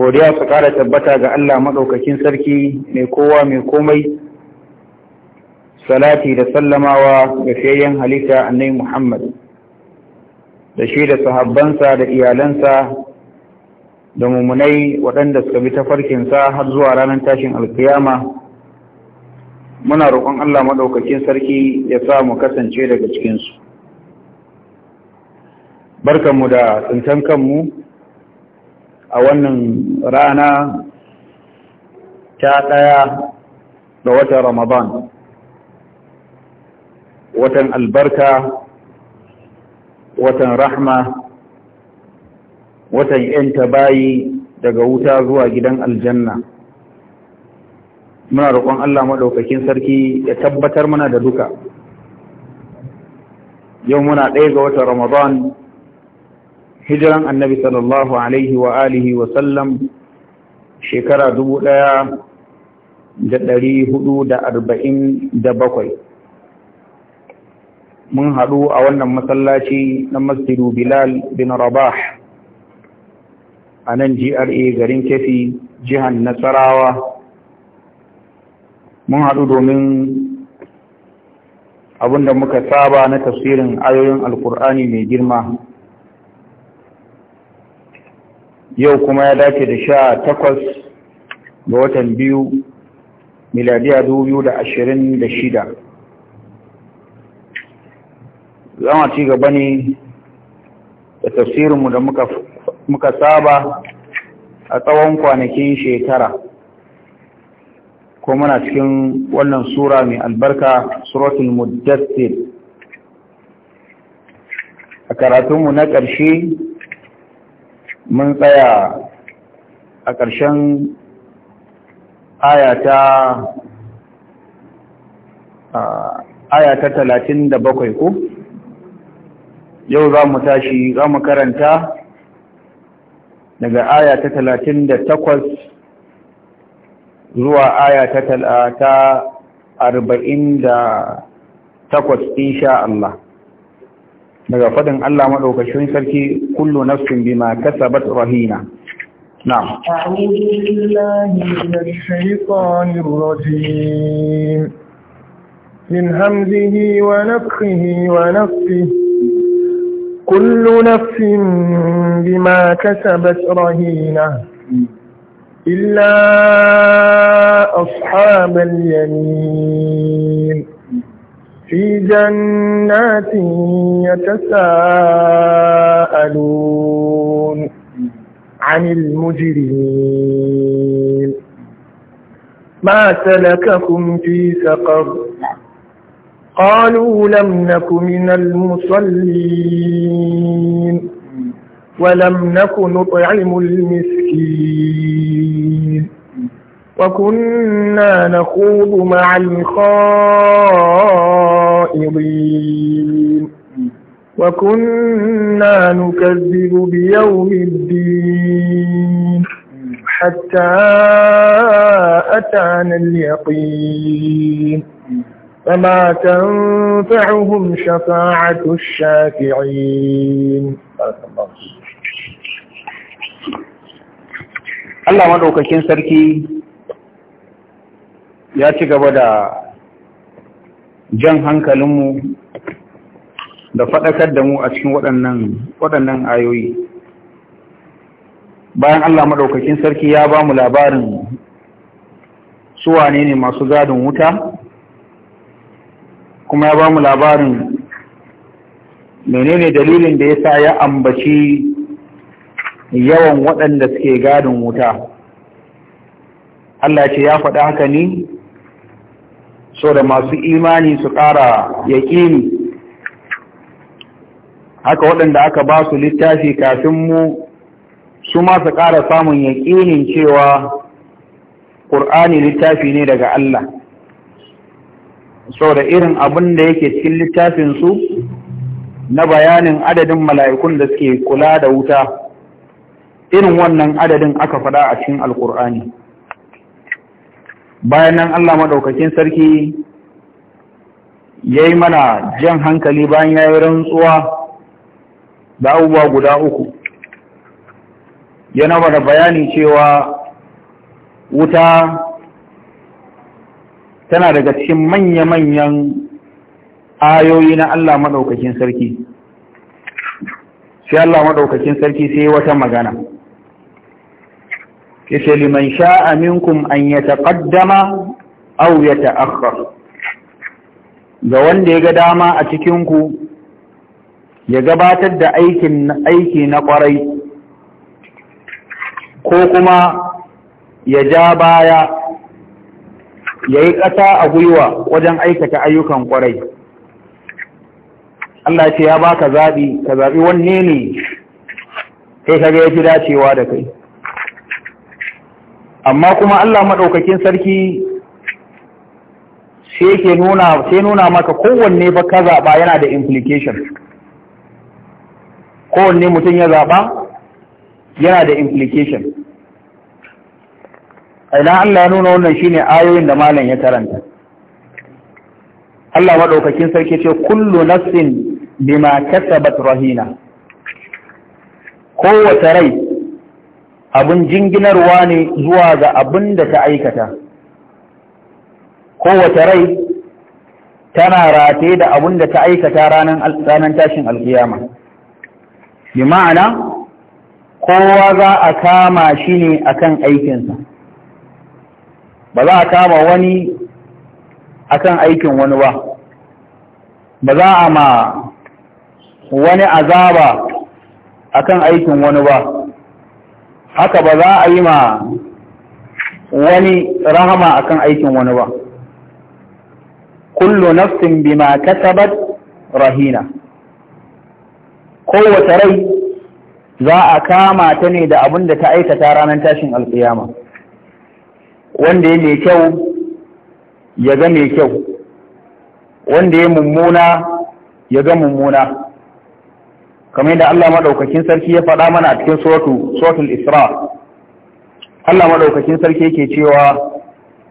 godiya su ƙara tabbata ga Allah maɗaukakin sarki mai kowa mai komai salati da sallamawa ga fiyayyen halitta annai Muhammad da shi da sahabbansa da iyalansa da mummunai waɗanda suka bi tafarkinsa har zuwa ranar tashin alkiyama muna roƙon Allah maɗaukakin sarki ya sa mu kasance daga cikinsu barkanmu da tsintan kanmu a wannan rana ta ɗaya da watan Ramadan, watan albarka, watan rahma, watan ‘yanta bayi daga wuta zuwa gidan aljanna. Muna roƙon Allah maɗaukakin sarki ya tabbatar muna da duka. Yau muna ɗaya ga watan Ramadan hijiran annabi sallallahu alaihi wa alihi wa sallam shekara dubu ɗaya da ɗari hudu da arba'in da bakwai mun haɗu a wannan masallaci na masjidu bilal bin rabah a nan gra garin kefi jihar nasarawa mun haɗu domin abinda muka saba na tafsirin ayoyin alkur'ani mai girma yau kuma ya dace da sha takwas ga watan biyu miladiya dubu da ashirin da shida zama ci gaba ne da tafsirinmu da muka saba a tsawon kwanakin shekara ko muna cikin wannan sura mai albarka suratul mudassir a karatunmu na ƙarshe mun tsaya a ƙarshen ayata ayata talatin da bakwai ko yau za mu tashi za mu karanta daga ayata talatin da takwas zuwa ayata talata arba'in da takwas insha Allah daga fadin Allah madaukakin sarki kullu nafsin bima kasabat rahina نعم أعوذ بالله من الشيطان الرجيم من همزه ونفخه ونفخه كل نفس بما كسبت رهينة إلا أصحاب اليمين في جنات يتساءلون عن المجرمين ما سلككم في سقر قالوا لم نك من المصلين ولم نك نطعم المسكين وكنا نخوض مع الخائضين وكنا نكذب بيوم الدين حتى أتانا اليقين فما تنفعهم شفاعة الشافعين الله مدعوك كين سركي ya ci gaba da jan hankalinmu da faɗakar da mu a cikin waɗannan ayoyi bayan Allah maɗaukakin sarki ya ba mu labarin suwane ne masu gadin wuta kuma ya ba mu labarin menene dalilin da ya sa ya ambaci yawan waɗanda suke gadin wuta Allah ce ya faɗa haka ne so da masu imani su ƙara yaƙini haka waɗanda aka ba su littafi kafin mu su ma su ƙara samun yaƙinin cewa ƙur'ani littafi ne daga Allah so da irin abin da yake cikin littafinsu na bayanin adadin mala'ikun da suke kula da wuta irin wannan adadin aka faɗa a cikin alƙur'ani bayan nan Allah maɗaukakin sarki ya yi mana jan hankali bayan ya yi rantsuwa da abubuwa guda uku yana mana bayani cewa wuta tana daga cikin manya-manyan ayoyi na Allah maɗaukakin sarki sai Allah maɗaukakin sarki sai wata magana yace liman sha'a minkum an yataqaddama aw yata'akhkhar ga wanda ya ga dama a cikin ku ya gabatar da aikin aiki na kwarai ko kuma ya ja baya ya yi ƙasa a gwiwa wajen aikata ayyukan kwarai Allah ce ya baka zaɓi ka zaɓi wanne ne sai kaga ya fi dacewa da kai amma kuma Allah maɗaukakin sarki sai nuna maka kowanne ba ka zaɓa yana da implication kowanne mutum ya zaɓa yana da implication ina Allah ya nuna wannan shine ayoyin da malam ya karanta Allah maɗaukakin sarki ce kullu nafsin bima kasabat rahina kowace rai abin jinginarwa ne zuwa ga abin da ta aikata kowace rai tana rataye da abin da ta aikata ranar tashin alkiyama bi ma'ana kowa za a kama shi ne akan aikinsa ba za a kama wani akan aikin wani ba ba za a ma wani azaba akan aikin wani ba haka ba za a yi ma wani rahama akan aikin wani ba kullu nafsin bima katabat rahina kowace rai za a kama ta ne da abin da ta aikata ranar tashin alkiyama wanda ya mai kyau ya ga mai kyau wanda ya mummuna ya ga mummuna kamar yadda Allah maɗaukakin sarki ya faɗa mana a cikin suratu suratul Isra Allah maɗaukakin sarki yake cewa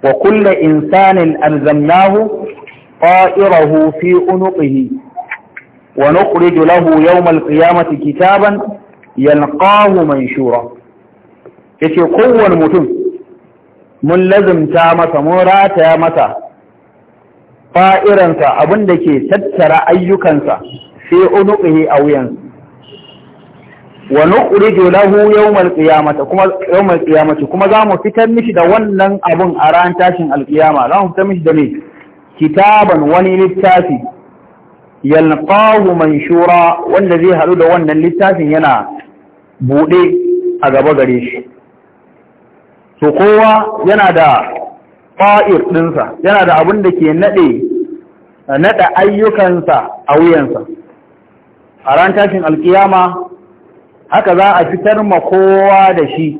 wa kullu insanin alzamnahu fa'irahu fi unuqihi wa nukhriju lahu yawmal qiyamati kitaban yalqahu manshura yace kowane mutum mun lazumta masa mun rataya masa fa'iransa abinda ke tattara ayyukansa sai unuqihi a wuyansa wa nukhriju lahu yawmal qiyamati kuma yawmal qiyamati kuma zamu fitar mishi da wannan abun a ran tashin alqiyama zamu fitar mishi da ne kitaban wani littafi yalqahu manshura wanda zai haɗu da wannan littafin yana bude a gaba gare shi to kowa yana da fa'ir ɗinsa yana da abin da ke nade nada ayyukansa a wuyansa a ran tashin alqiyama haka za a fitar ma kowa da shi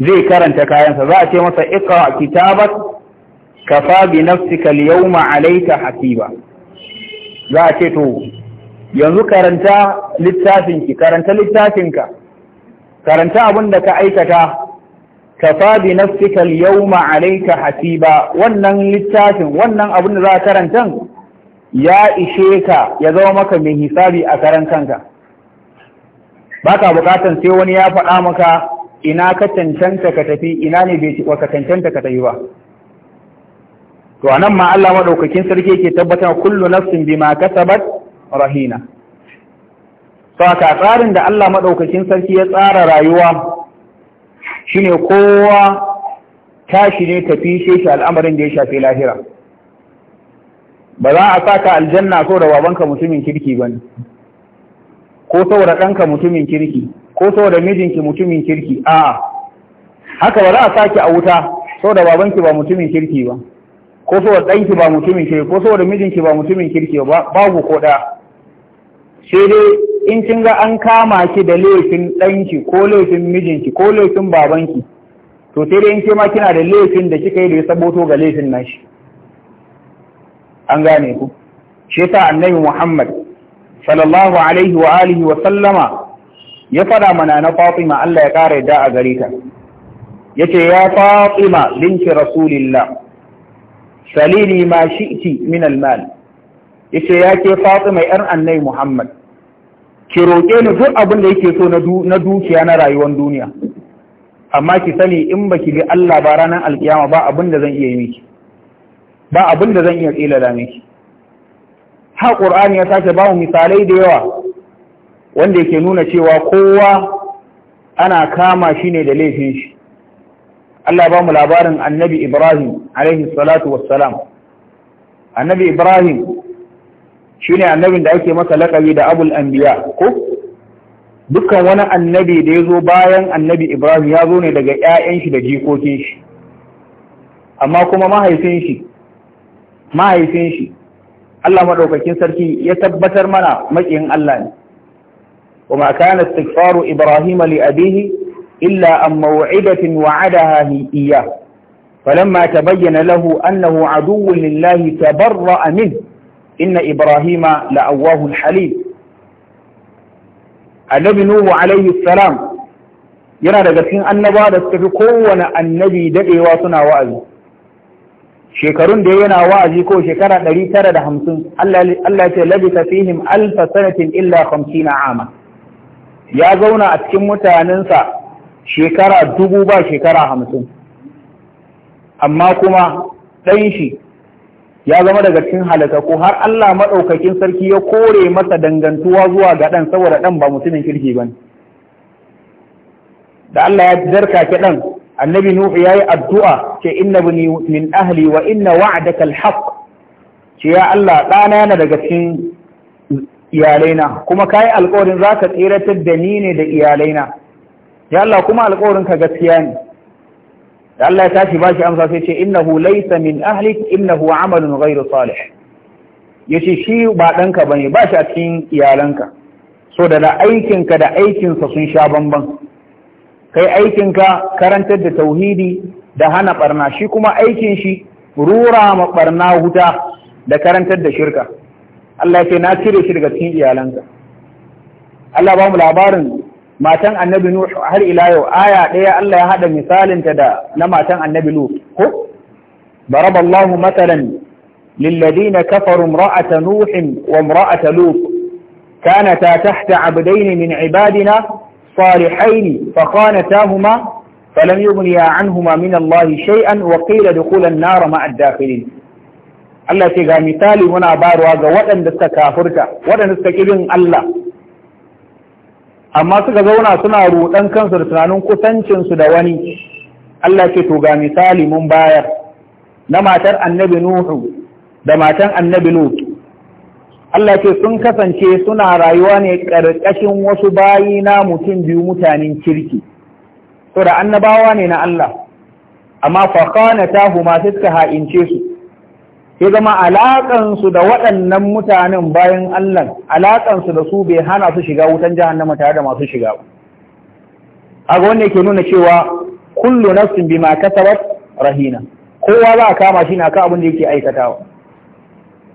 zai karanta kayansa za a ce masa iqra kitabat kafa bi nafsika al-yawma alayka hasiba za a ce to yanzu karanta littafin ki." karanta littafin ka. karanta abin da ka aikata kafa bi nafsika al-yawma alayka hasiba wannan littafin wannan abin da za ka karanta ya ishe ka ya zama maka mai hisabi a karan kanka Ba ka bukatan sai wani ya faɗa maka ina ka cancanta ka tafi ina ne bai ka cancanta ka tafi ba to anan ma Allah madaukakin sarki yake tabbatar kullu nafsin bima kasabat rahina to ka tsarin da Allah maɗaukakin sarki ya tsara rayuwa shine kowa tashi ne tafi shi al'amarin da ya shafi lahira ba za a saka aljanna ko da babanka mutumin kirki bane ko saboda ɗanka mutumin kirki ko saboda mijinki mutumin kirki a'a haka ba za a sake a wuta saboda babanki ba mutumin kirki ba ko saboda ɗanki ba mutumin kirki ko saboda mijinki ba mutumin kirki ba babu ko ɗaya sai dai in kin ga an kama ki da laifin ɗanki ko laifin mijinki ko laifin babanki to sai dai in ce ma kina da laifin da kika yi da ya saboto ga laifin nashi an gane ku shi yasa annabi Muhammad sallallahu alaihi wa alihi wa sallama ya fada mana na Fatima Allah ya kare da a gare ta yace ya Fatima binti Rasulillah salili ma shi'ti min al-mal yace ya ke Fatima yar annai Muhammad ki roƙe ni duk abin da yake so na dukiya na rayuwar duniya amma ki sani in baki bi Allah ba ranar alkiyama ba abin da zan iya yi miki ba abin da zan iya tsilala miki ha ƙor'ani ya sake ba mu misalai da yawa wanda yake nuna cewa kowa ana kama shi ne da laifin shi Allah ba mu labarin annabi Ibrahim alaihi salatu wassalam annabi Ibrahim shi ne annabin da ake masa laƙabi da abul anbiya ko dukkan wani annabi da ya zo bayan annabi Ibrahim ya zo ne daga 'ya'yan shi da jikokin shi amma kuma mahaifin shi mahaifin shi Allah madaukakin sarki ya tabbatar mana makiyin Allah ne وما كان استغفار إبراهيم لأبيه إلا أن موعدة وعدها إياه فلما تبين له أنه عدو لله تبرأ منه إن إبراهيم لأواه الحليم النبي نوح عليه السلام yana daga cikin annaba da suka fi kowane annabi daɗewa suna wa'azi shekarun da yana wa'azi ko shekara ɗari tara da hamsin Allah ya ce ta fihim alfa sanatin illa na ama ya zauna a cikin mutanensa shekara dubu ba shekara hamsin amma kuma ɗan shi ya zama daga cikin ko har Allah maɗaukakin sarki ya kore masa dangantuwa zuwa ga ɗan saboda ɗan ba mutumin kirki ba ne da Allah ya zarka ke ɗan annabi nuhu yayi addu'a ce inna bani min ahli wa inna wa'daka alhaq ce ya Allah ɗana yana daga cikin iyalaina kuma kai alƙawarin zaka tsiratar da ni ne da iyalaina ya Allah kuma alƙawarin ka gaskiya ne da Allah ya tashi bashi amsa sai ce innahu laysa min ahli innahu amalun ghayru salih yace shi ba danka bane ba shi a cikin iyalanka so da da da aikinsa sun sha bambam. kai aikinka karantar da tauhidi da hana barna shi kuma aikin shi rura ma barna huta da karantar da shirka Allah ce na cire shi daga cikin iyalanka Allah ba mu labarin matan annabi Nuh har ila yau aya ɗaya Allah ya haɗa misalinta da na matan annabi Lut ko baraballahu matalan للذين كفروا امرأة نوح وامرأة لوط كانتا تحت عبدين من عبادنا الصالحين فخانتاهما فلم يغنيا عنهما من الله شيئا وقيل دخول النار مع الداخلين Allah ce ga misali muna barwa ga waɗanda suka kafurta waɗanda suka ƙirin Allah amma suka zauna suna ruɗan kansu da tunanin kusancinsu da wani Allah ce to ga misali mun bayar na matar annabi Nuhu da matan annabi Nuhu. Allah ce sun kasance suna rayuwa ne ƙarƙashin wasu bayi na mutum biyu mutanen kirki to da annabawa ne na Allah amma fakana ta huma suka ha'ince su ya zama alaƙansu da waɗannan mutanen bayan Allah alaƙansu da su bai hana su shiga wutan jahannama tare da masu shiga a ga wanda yake nuna cewa kullu nafsin bima kasabat rahina kowa za a kama shi na ka abin da yake aikatawa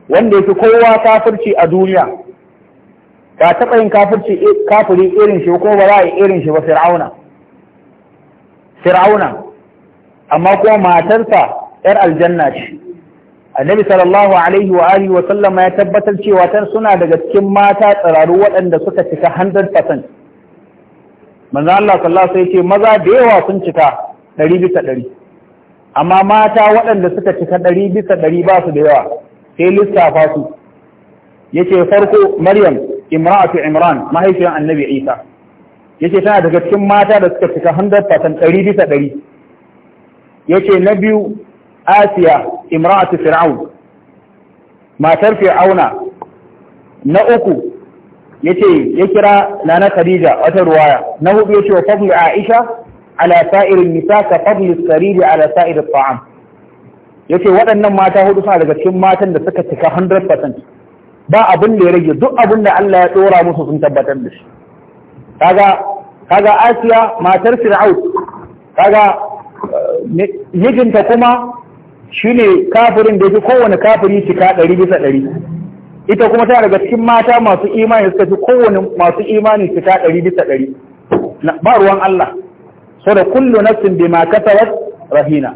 wanda yake kowa kafirci a duniya ba taɓa yin kafirci kafiri irin shi ko ba za a yi irin shi ba fir'auna fir'auna amma kuma matarsa yar aljanna ce annabi sallallahu alaihi wa alihi wa sallama ya tabbatar cewa tan suna daga cikin mata tsararu waɗanda suka cika 100% manzo Allah sallallahu alaihi sai ce maza da yawa sun cika 100 bisa 100 amma mata waɗanda suka cika 100 bisa 100 ba su da yawa sai lissafa su yace farko maryam imra'atu imran mahaifiyar annabi isa yace tana daga cikin mata da suka cika 100% bisa 100 yace na biyu asiya imra'atu fir'aun matar fir'auna na uku yace ya kira nana khadija wata ruwaya na hudu yace wa fadlu aisha ala sa'irin nisa ka fadlu sariri ala sa'ir at-ta'am ce waɗannan mata hudu suna daga cikin matan da suka cika 100% ba abin da ya rage duk abin da Allah ya tsora musu sun tabbatar da shi kaga kaga Asiya matar Fir'aun kaga eh, mijinta kuma shine kafirin da yake kowane kafiri cika ɗari bisa ɗari. ita kuma tana daga cikin mata masu imani suka fi kowane masu imani cika ɗari bisa ɗari. ba ruwan Allah so da kullu nafsin bima kasabat rahina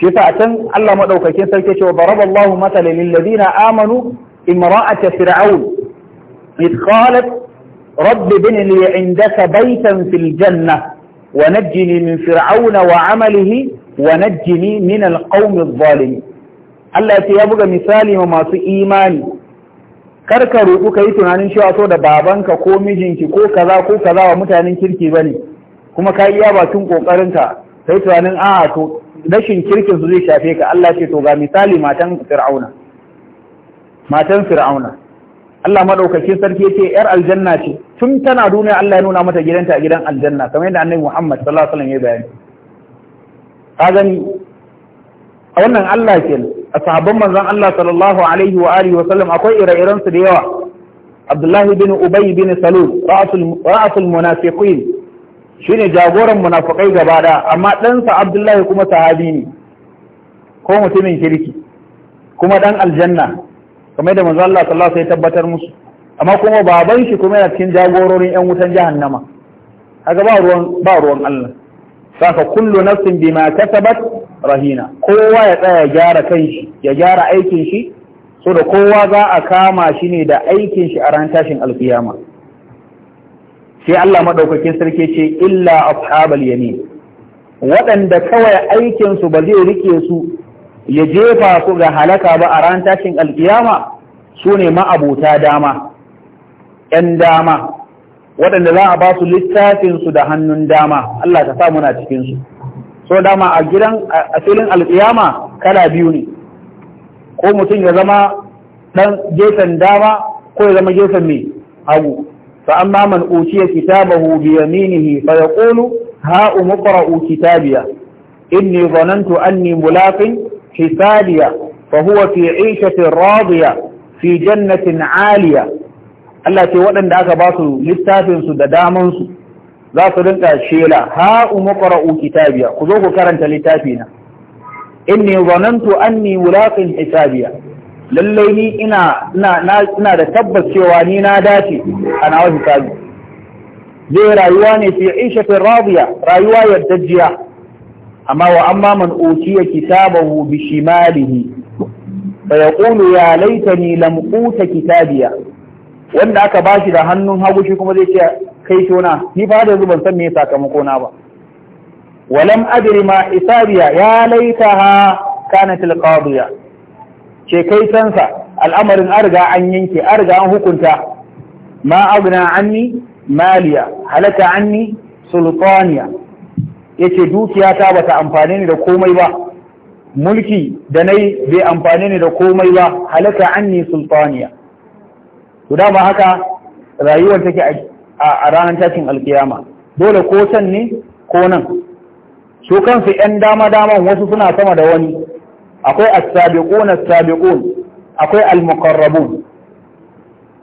shi a can Allah maɗaukakin sarki cewa baraballahu matala lil ladina amanu imra'at fir'aun id qalat رب بن لي عندك min في wa ونجني من فرعون وعمله ونجني من القوم الظالمين Allah ce ya buga misali ma masu imani ka roƙu ka yi tunanin cewa so da babanka ko mijinki ko kaza ko kaza wa mutanen kirki bane kuma ka iya bakin ƙoƙarinka sai tunanin a to rashin kirkin su zai shafe ka Allah ce to ga misali matan fir'auna matan fir'auna Allah madaukakin sarki yace yar aljanna ce tun tana duniya Allah ya nuna mata gidanta a gidan aljanna kamar yadda annabi Muhammad sallallahu alaihi wasallam ya bayani ka gani a wannan Allah ke a sahabban manzon Allah sallallahu alaihi wa alihi wa sallam akwai ire-iren su da yawa Abdullahi bin Ubay bin Salul ra'atul ra'atul munafiqin shi ne jagoran munafukai gaba ɗaya amma ɗansa abdullahi kuma sahabi ne ko mutumin kirki kuma ɗan aljanna kamar da manzo Allah sallallahu alaihi tabbatar musu amma kuma baban shi kuma yana cikin jagororin yan wutan jahannama kaga ba ruwan ba ruwan Allah saka kullu nafsin bima kasabat rahina kowa ya tsaya gyara kanshi ya gyara aikin shi so da kowa za a kama shi ne da aikin shi a ran tashin alkiyama sai Allah maɗaukakin sarki ce illa ashabal yamin waɗanda kawai aikin su ba zai rike su ya jefa su ga halaka ba a ran tashin alkiyama su ne ma'abuta dama ‘yan dama waɗanda za a ba su littafinsu da hannun dama Allah ka sa muna cikinsu so dama a gidan a filin alkiyama kala biyu ne ko mutum ya zama ɗan gefen dama ko ya zama gefen mai hagu فأما من أوتي كتابه بيمينه فيقول ها أمقرأ كتابيا إني ظننت أني ملاق حسابيا فهو في عيشة راضية في جنة عالية التي وأن دعك باسو لستافن سددامن za su rinka shela ha umqra'u kitabiya ku zo ku karanta littafina inni zanantu anni mulaqin hisabiya lallai ni ina da tabbas cewa ni na dace a nawa hisabi zai rayuwa ne fi aishatin radiya rayuwa yardajjiya amma wa amma man utiya kitabahu bi shimalihi fa yaqulu ya laitani lam uta kitabiya wanda aka bashi da hannun hagu shi kuma zai ce kai tona ni fa da zuban san me sakamako na ba walam adri ma hisabiya ya laitaha kanat alqadiya ce kai al'amarin arga an yanke arga an hukunta ma agna anni maliya halaka anni sultaniya yace dukiya ta bata amfane ni da komai ba mulki da nai bai amfane ni da komai ba halaka anni sultaniya Guda ba haka rayuwar take a ranar tashin alkiyama dole ko can ne ko nan su kansu ‘yan dama-daman wasu suna sama da wani akwai as-sabiqun as-sabiqun akwai al-muqarrabun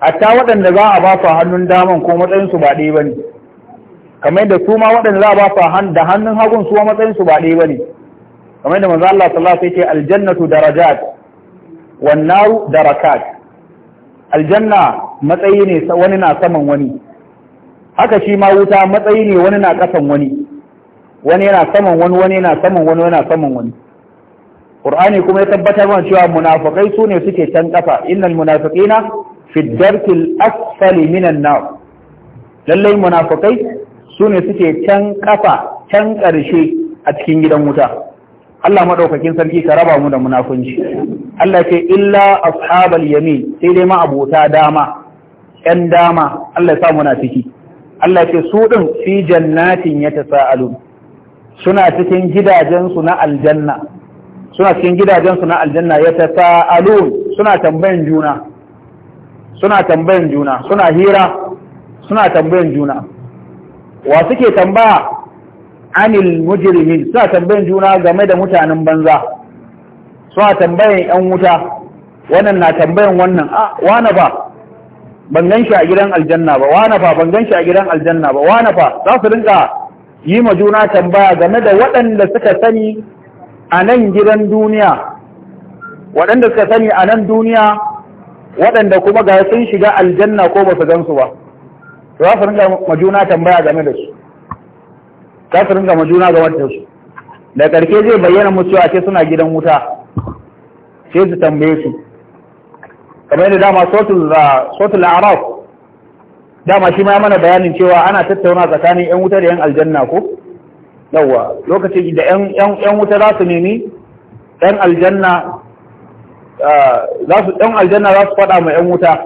hatta waɗanda za a ba su hannun daman ko matsayinsu ba ɗaya ba ne kamar da su ma waɗanda za a ba su da hannun hagun su matsayinsu ba ɗaya ba ne kamar da manzo Allah sallallahu alaihi wasallam aljannatu darajat wan naru darakat aljanna matsayi ne wani na saman wani haka shi ma wuta matsayi ne wani na kasan wani wani yana saman wani wani yana saman wani yana saman wani Qur'ani kuma ya tabbatar mana cewa munafikai su ne suke can kafa innal munafiqina fiddarkin asali minan na. lallai munafukai su ne suke can kafa can ƙarshe a cikin gidan wuta Allah maɗaukakin sarki ka raba mu da munafunci Allah ce illa ashabal yamin sai dai ma abota dama ƴan dama Allah ya sa muna ciki Allah ce su ɗin fi jannatin ya tasa'alu suna cikin gidajensu na aljanna suna cikin gidajensu na aljanna ya tasa'alu suna tambayan juna suna tambayan juna suna hira suna tambayan juna wa suke tambaya anil mujrimin suna tambayan juna game da mutanen banza suna tambayan yan wuta wannan na tambayan wannan a wane ba ban gan shi a gidan aljanna ba wane fa ban gan shi a gidan aljanna ba wane fa za su rinka yi ma juna tambaya game da waɗanda suka sani a nan gidan duniya waɗanda suka sani a nan duniya waɗanda kuma ga sun shiga aljanna ko ba su gansu ba to za su ringa majuna tambaya game da su za su ringa majuna game da su da ƙarke zai bayyana musu a ce suna gidan wuta ce su tambaye su kamar yadda dama sotul araf dama shi ma mana bayanin cewa ana tattauna tsakanin yan wuta da yan aljanna ko yawwa lokacin da yan wuta za su nemi yan aljanna za su ɗan aljanna za su faɗa ma ‘yan wuta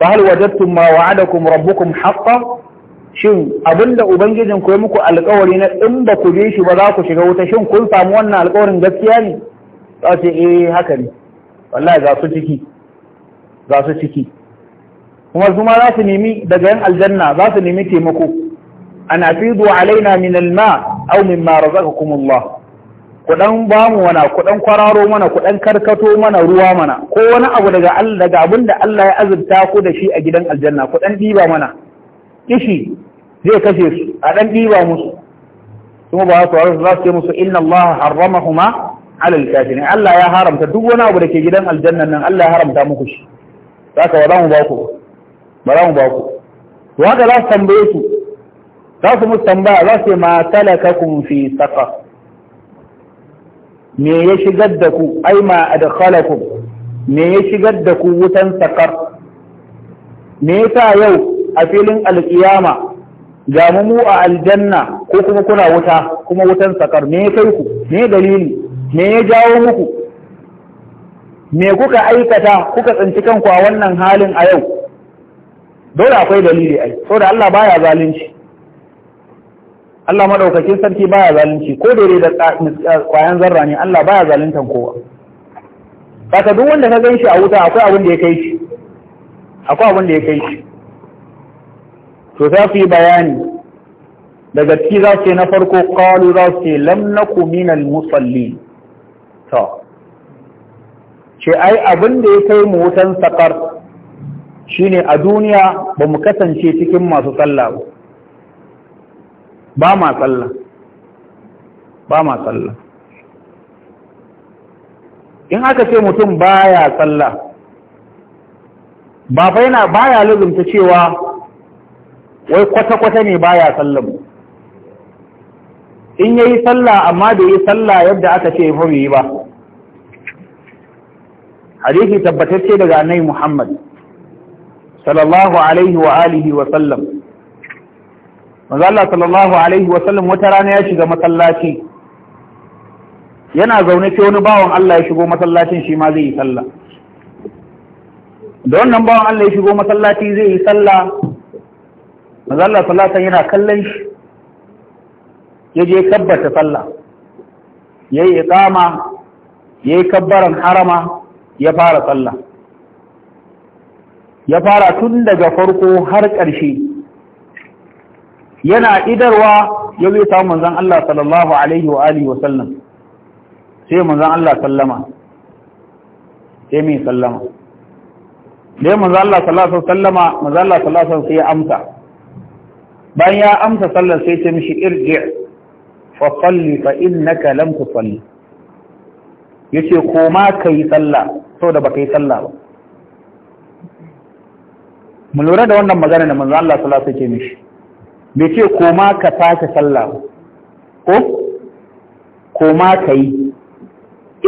ba hal wajadtum wa'ada kuma rabbukum haqqan shin abinda ubangijin ku yi muku alkawari na in ba ku bi shi ba za ku shiga wuta shin kun samu wannan alkawarin gaskiya ne za su eh haka ne wallahi za su ciki za su ciki kuma su ma za su nemi daga yan aljanna za su nemi taimako ana fidu alaina min alma aw mimma razaqakum Allah kudan ba mu mana kudan kwararo mana kudan karkato mana ruwa mana ko wani abu daga Allah daga abin da Allah ya azurta ku da shi a gidan aljanna kudan ɗiba mana kishi zai kashe su a ɗan ɗiba musu kuma ba su wasu za su ce musu inna Allah harramahuma alal kafirin Allah ya haramta duk wani abu da ke gidan aljanna nan Allah ya haramta muku shi saka ba za mu ba ku ba za mu ba ku to haka za su tambaye su za su musu tambaya za su ce ma talakakum fi saqar me ya shigar da ku ai ma adkhalakum me ya shigar da ku wutan sakar me yasa yau a filin alkiyama ga mu mu a aljanna ko kuma kuna wuta kuma wutan sakar me ya kai ku me dalili me ya jawo muku me kuka aikata kuka tsinci kanku a wannan halin a yau dole akwai dalili ai saboda Allah baya zalunci Allah madaukakin sarki baya zalunci ko da da kwayan zarra ne Allah baya zaluntan kowa saka duk wanda ka ganshi a wuta akwai abin da ya kai shi akwai abin da ya kai shi to za su yi bayani daga ki za su na farko qalu za su ce lam naku minal musallin to ce ai abin da ya kai mu wutan shi shine a duniya ba mu kasance cikin masu sallah ba ba ma sallah ba ma sallah in aka ce mutum baya sallah ba fa ba baya lulunta cewa wai kwata-kwata ne baya sallah in yayi sallah amma da yi sallah yadda aka ce fa yi ba hadisi tabbatacce daga nai Muhammad sallallahu alaihi wa alihi wa sallam manzo Allah sallallahu alaihi wa sallam wata rana ya shiga masallaci yana zaune ce wani bawan Allah ya shigo masallacin shi ma zai yi sallah da wannan bawan Allah ya shigo masallaci zai yi sallah manzo Allah sallallahu yana kallon shi ya je kabbata sallah ya yi ikama, ya yi kabbaran harama ya fara sallah ya fara tun daga farko har ƙarshe yana idarwa ya zai samu manzan Allah sallallahu alaihi wa alihi wa sai manzan Allah sallama sai mai sallama dai manzan Allah sallallahu alaihi wa sallama Allah sallallahu alaihi sai ya amsa bayan ya amsa sallar sai ta mishi irge fa salli fa innaka lam tusalli yace koma kai sallah saboda ka yi sallah ba mu lura da wannan magana da manzan Allah sallallahu alaihi wa mishi bai ce koma ka sake sallah ko koma ka yi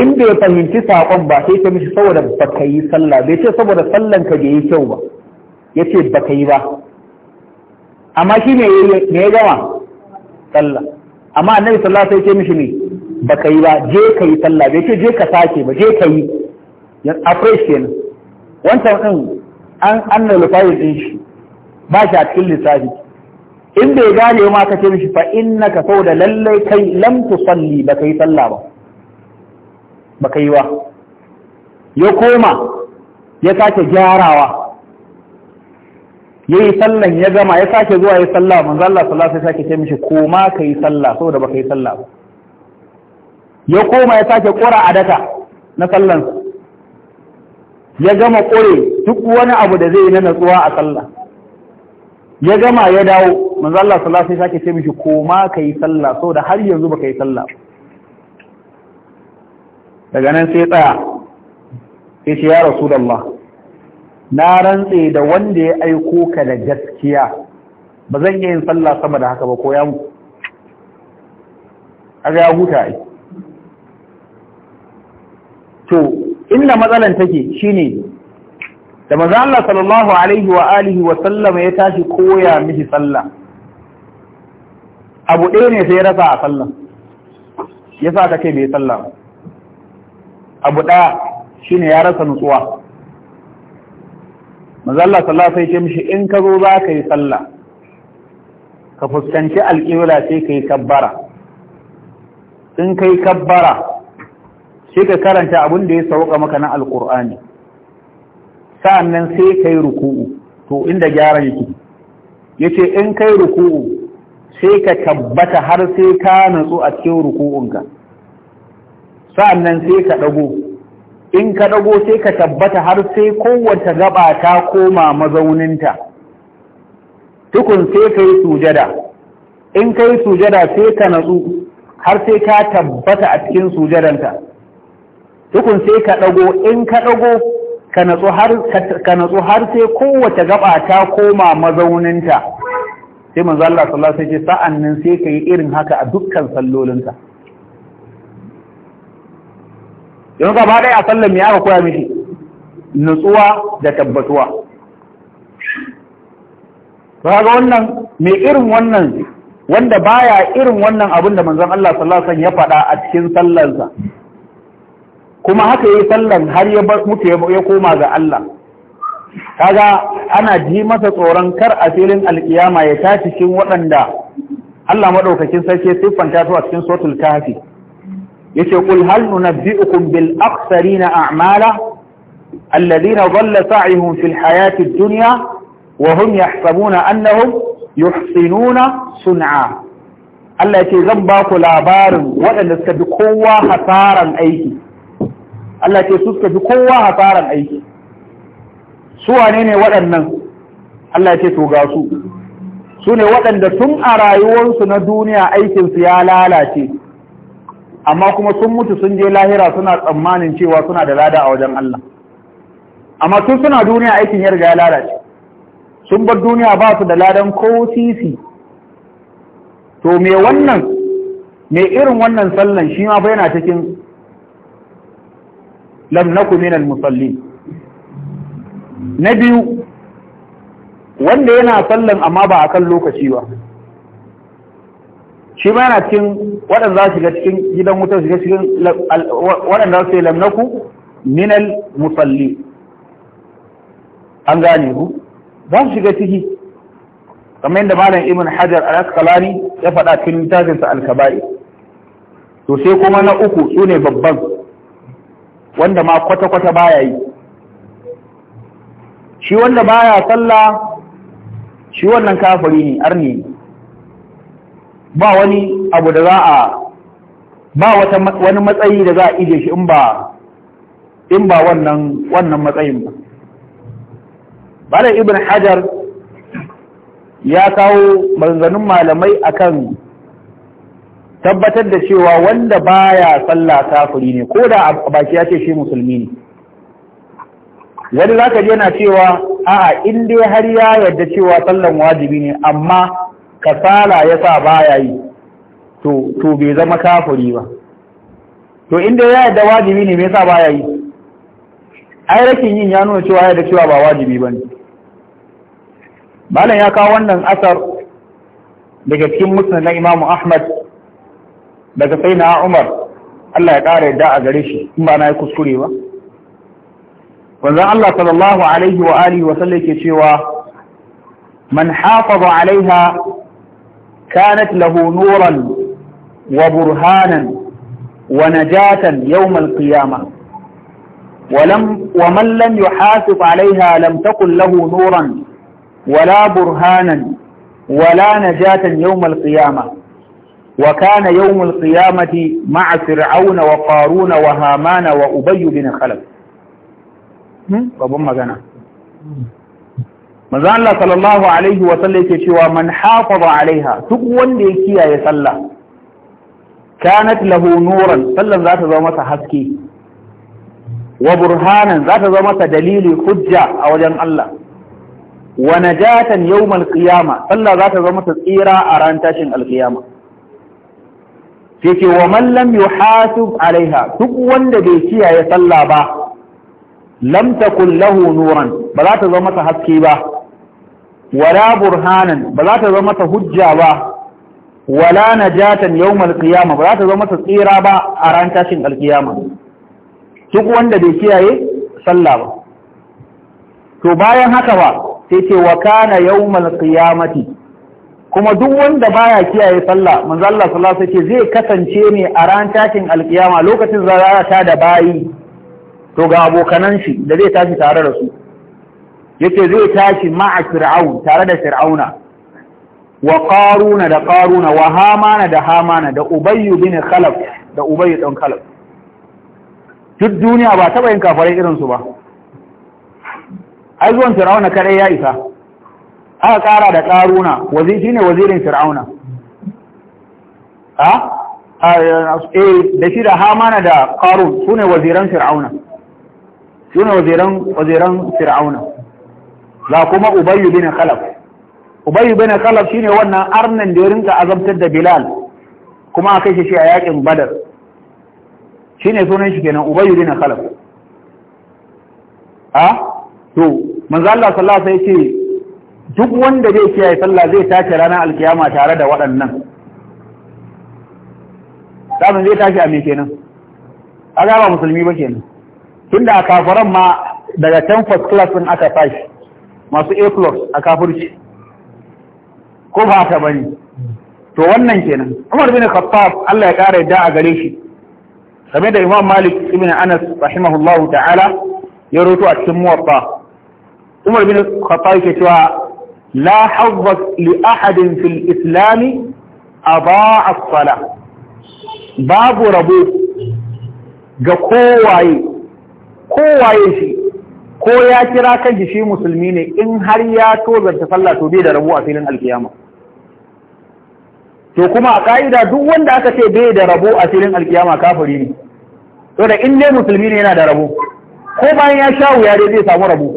in bai fahimci saƙon ba sai ta mishi saboda ba ka yi sallah bai ce saboda sallan ka bai yi kyau ba ya ce ba ka yi ba amma shi ne ya gama sallah amma annabi sallah sai ce mishi ne ba ka yi ba je ka yi sallah bai ce je ka sake ba je ka yi afresh nan wancan ɗin an annal fayil ɗin shi ba shi a cikin lissafi in bai gane ma ka ce mishi fa sau da lallai kai salli ba baka yi sallah ba ka yi wa ya koma ya sake gyarawa ya yi sallan ya gama ya sake zuwa ya sallah manzo Allah sallallahu alaihi sake ce mishi koma ka yi sallah saboda baka yi sallah ba ya koma ya sake kora adaka na sallan ya gama kore duk wani abu da zai yi na natsuwa a sallah ya gama ya dawo manzo Allah sallallahu alaihi wasallam sai ce mishi koma kai sallah saboda har yanzu baka yi sallah daga nan sai tsaya sai ce ya rasulullah na rantse da wanda ya aiko ka da gaskiya ba zan iya yin sallah sama da haka ba ko ya mu aga ya huta ai to inda matsalan take shine da manzo Allah sallallahu alaihi wa alihi wa sallam ya tashi koya mishi sallah abu ɗaya ne sai ya rasa a sallan ya sa kake bai sallah abu ɗaya ne ya rasa nutsuwa mazalla sallah sai ce mishi in ka zo za ka yi sallah ka fuskanci alƙibla sai ka yi kabbara in ka yi kabbara sai ka karanta abin da ya sauka maka na alƙur'ani nan sai ka yi ruku'u to inda gyaran yake ya ce in kai ruku'u sai ka tabbata har sai ka natsu a cikin ruku'unka sa'annan sai ka dago in ka dago sai ka tabbata har sai kowace gaba ta koma mazauninta tukun sai ka yi sujada in ka yi sujada sai ka natsu har sai ka tabbata a cikin sujadanta tukun sai ka dago in ka dago ka natsu har sai kowace gaba ta koma mazauninta sai manzo Allah sallallahu alaihi wasallam sa'an sa'annan sai ka yi irin haka a dukkan sallolinka yanzu gaba ɗaya a sallar me aka koya miki nutsuwa da tabbatuwa ga wannan mai irin wannan wanda baya irin wannan abin da manzon Allah sallallahu alaihi wasallam ya faɗa a cikin sallarsa kuma haka yayi sallan har ya mutu ya koma ga Allah kaga ana ji masa tsoron kar a filin alkiyama ya tashi cikin waɗanda Allah madaukakin sarki siffanta su a cikin suratul kahfi yace kul hal nunabbi'ukum bil aktharina a'mala alladhina dhalla sa'yuhum fil hayati ad-dunya wa hum yahsabuna annahum yuhsinuna sun'a Allah yace zan ba ku labarin waɗanda suka bi kowa hasaran aiki Allah yace su suka bi kowa hasaran aiki su wane ne waɗannan Allah ce to ga su su ne waɗanda tun a rayuwarsu na duniya aikinsu ya lalace amma kuma sun mutu sun je lahira suna tsammanin cewa suna da lada a wajen Allah amma tun suna duniya aikin yarga ya lalace sun bar duniya ba su da ladan ko sisi to me wannan me irin wannan sallan shi ma bai na cikin lam naku minal musallin na biyu wanda yana sallan amma ba a kan lokaci ba shi ma yana cikin waɗanda za su shiga cikin gidan wutar shiga cikin waɗanda za su yi lamnaku minal musalli an gane ku za su shiga ciki kamar yadda malam ibn hajar al-asqalani ya faɗa cikin littafinsa al-kaba'i to sai kuma na uku su ne babban wanda ma kwata-kwata baya yi shi wanda baya sallah shi wannan kafiri ne arni ba wani abu da za a ba wata wani matsayi da za a ije shi in ba in ba wannan wannan matsayin ba bala ibn hajar ya kawo manzanin malamai akan tabbatar da cewa wanda baya sallah kafiri ne ko da baki ya ce shi musulmi ne wani za ka yana cewa a'a in dai har ya yarda cewa sallan wajibi ne amma kasala ya sa ba ya yi to bai zama kafuri ba to in dai ya yarda wajibi ne me ba ya yi ai rakin yin ya nuna cewa ya yarda cewa ba wajibi ba ne. malam ya kawo wannan asar daga cikin musulun na imamu Ahmad daga sai na Umar Allah ya kare yadda a gare shi in ba na yi kuskure ba wanzan Allah sallallahu alaihi wa alihi wa sallam yake cewa man hafaza alaiha kanat lahu nuran wa burhanan wa najatan yawm al-qiyamah ولم ومن لم يحافظ عليها لم تكن له نورا ولا برهانا ولا نجاة يوم القيامة وكان يوم القيامة مع فرعون وقارون وهامان وأبي بن خلف babban magana manzo Allah sallallahu alaihi wa sallam yake cewa man hafaza alaiha duk wanda ya kiyaye sallah kanat lahu nuran sallan zata zama masa haske wa burhanan zata zama masa dalili hujja a wajen Allah wa najatan yawmal qiyama sallah zata zama masa tsira a ran tashin alqiyama sai ce wa man lam yuhasib alaiha duk wanda bai kiyaye sallah ba lam takun lahu nuran ba za ta zama masa haske ba wala burhanan ba za ta zama masa hujja ba wala najatan yawmal qiyamah ba za ta zama masa tsira ba a ran tashin alkiyama duk wanda bai kiyaye sallah ba to bayan haka ba sai ce wa kana yawmal qiyamati kuma duk wanda baya kiyaye sallah manzo Allah sallallahu alaihi wasallam zai kasance ne a ran tashin alkiyama lokacin zarara ta da bayi to ga abokanan shi da zai tashi tare da su yace zai tashi ma'a fir'aun tare da fir'auna wa qaruna da qaruna wa hamana da hamana da ubayy bin khalaf da ubayy dan khalaf duk duniya ba taba yin kafarai irin su ba ai zuwan fir'auna kare ya isa aka kara da qaruna wazi shine wazirin fir'auna a eh, da shi da hamana da qarun sune waziran fir'auna shi ne waziran fir'auna ga kuma ubayyu bin khalaf ubayyu bin khalaf shine wannan arnan da ya rinka azabtar da bilal kuma aka shi a yakin badar shine sunan shi kenan ubayyu bin khalaf a to manzo Allah sallallahu alaihi wasallam ce duk wanda zai kiyaye sallah zai tashi ranar alkiyama tare da waɗannan sabon zai tashi a me kenan a ba musulmi ba kenan tunda a kafaran ma daga can first class din aka tashi masu A plus a kafirci ko ba ta bane to wannan kenan Umar bin Khattab Allah ya kare da a gare shi game da Imam Malik ibn Anas rahimahullahu ta'ala ya roto a cikin muwatta Umar bin Khattab yake cewa la hawwa li ahadin fil islam adaa as-salah babu rabo ga kowaye kowaye shi ko ya kira kan shi musulmi ne in har ya tozarta sallah to bai da rabo a filin alkiyama to kuma a ka'ida duk wanda aka ce bai da rabo a filin alkiyama kafiri ne to da in dai musulmi ne yana da rabo ko bayan ya sha wuya dai zai samu rabo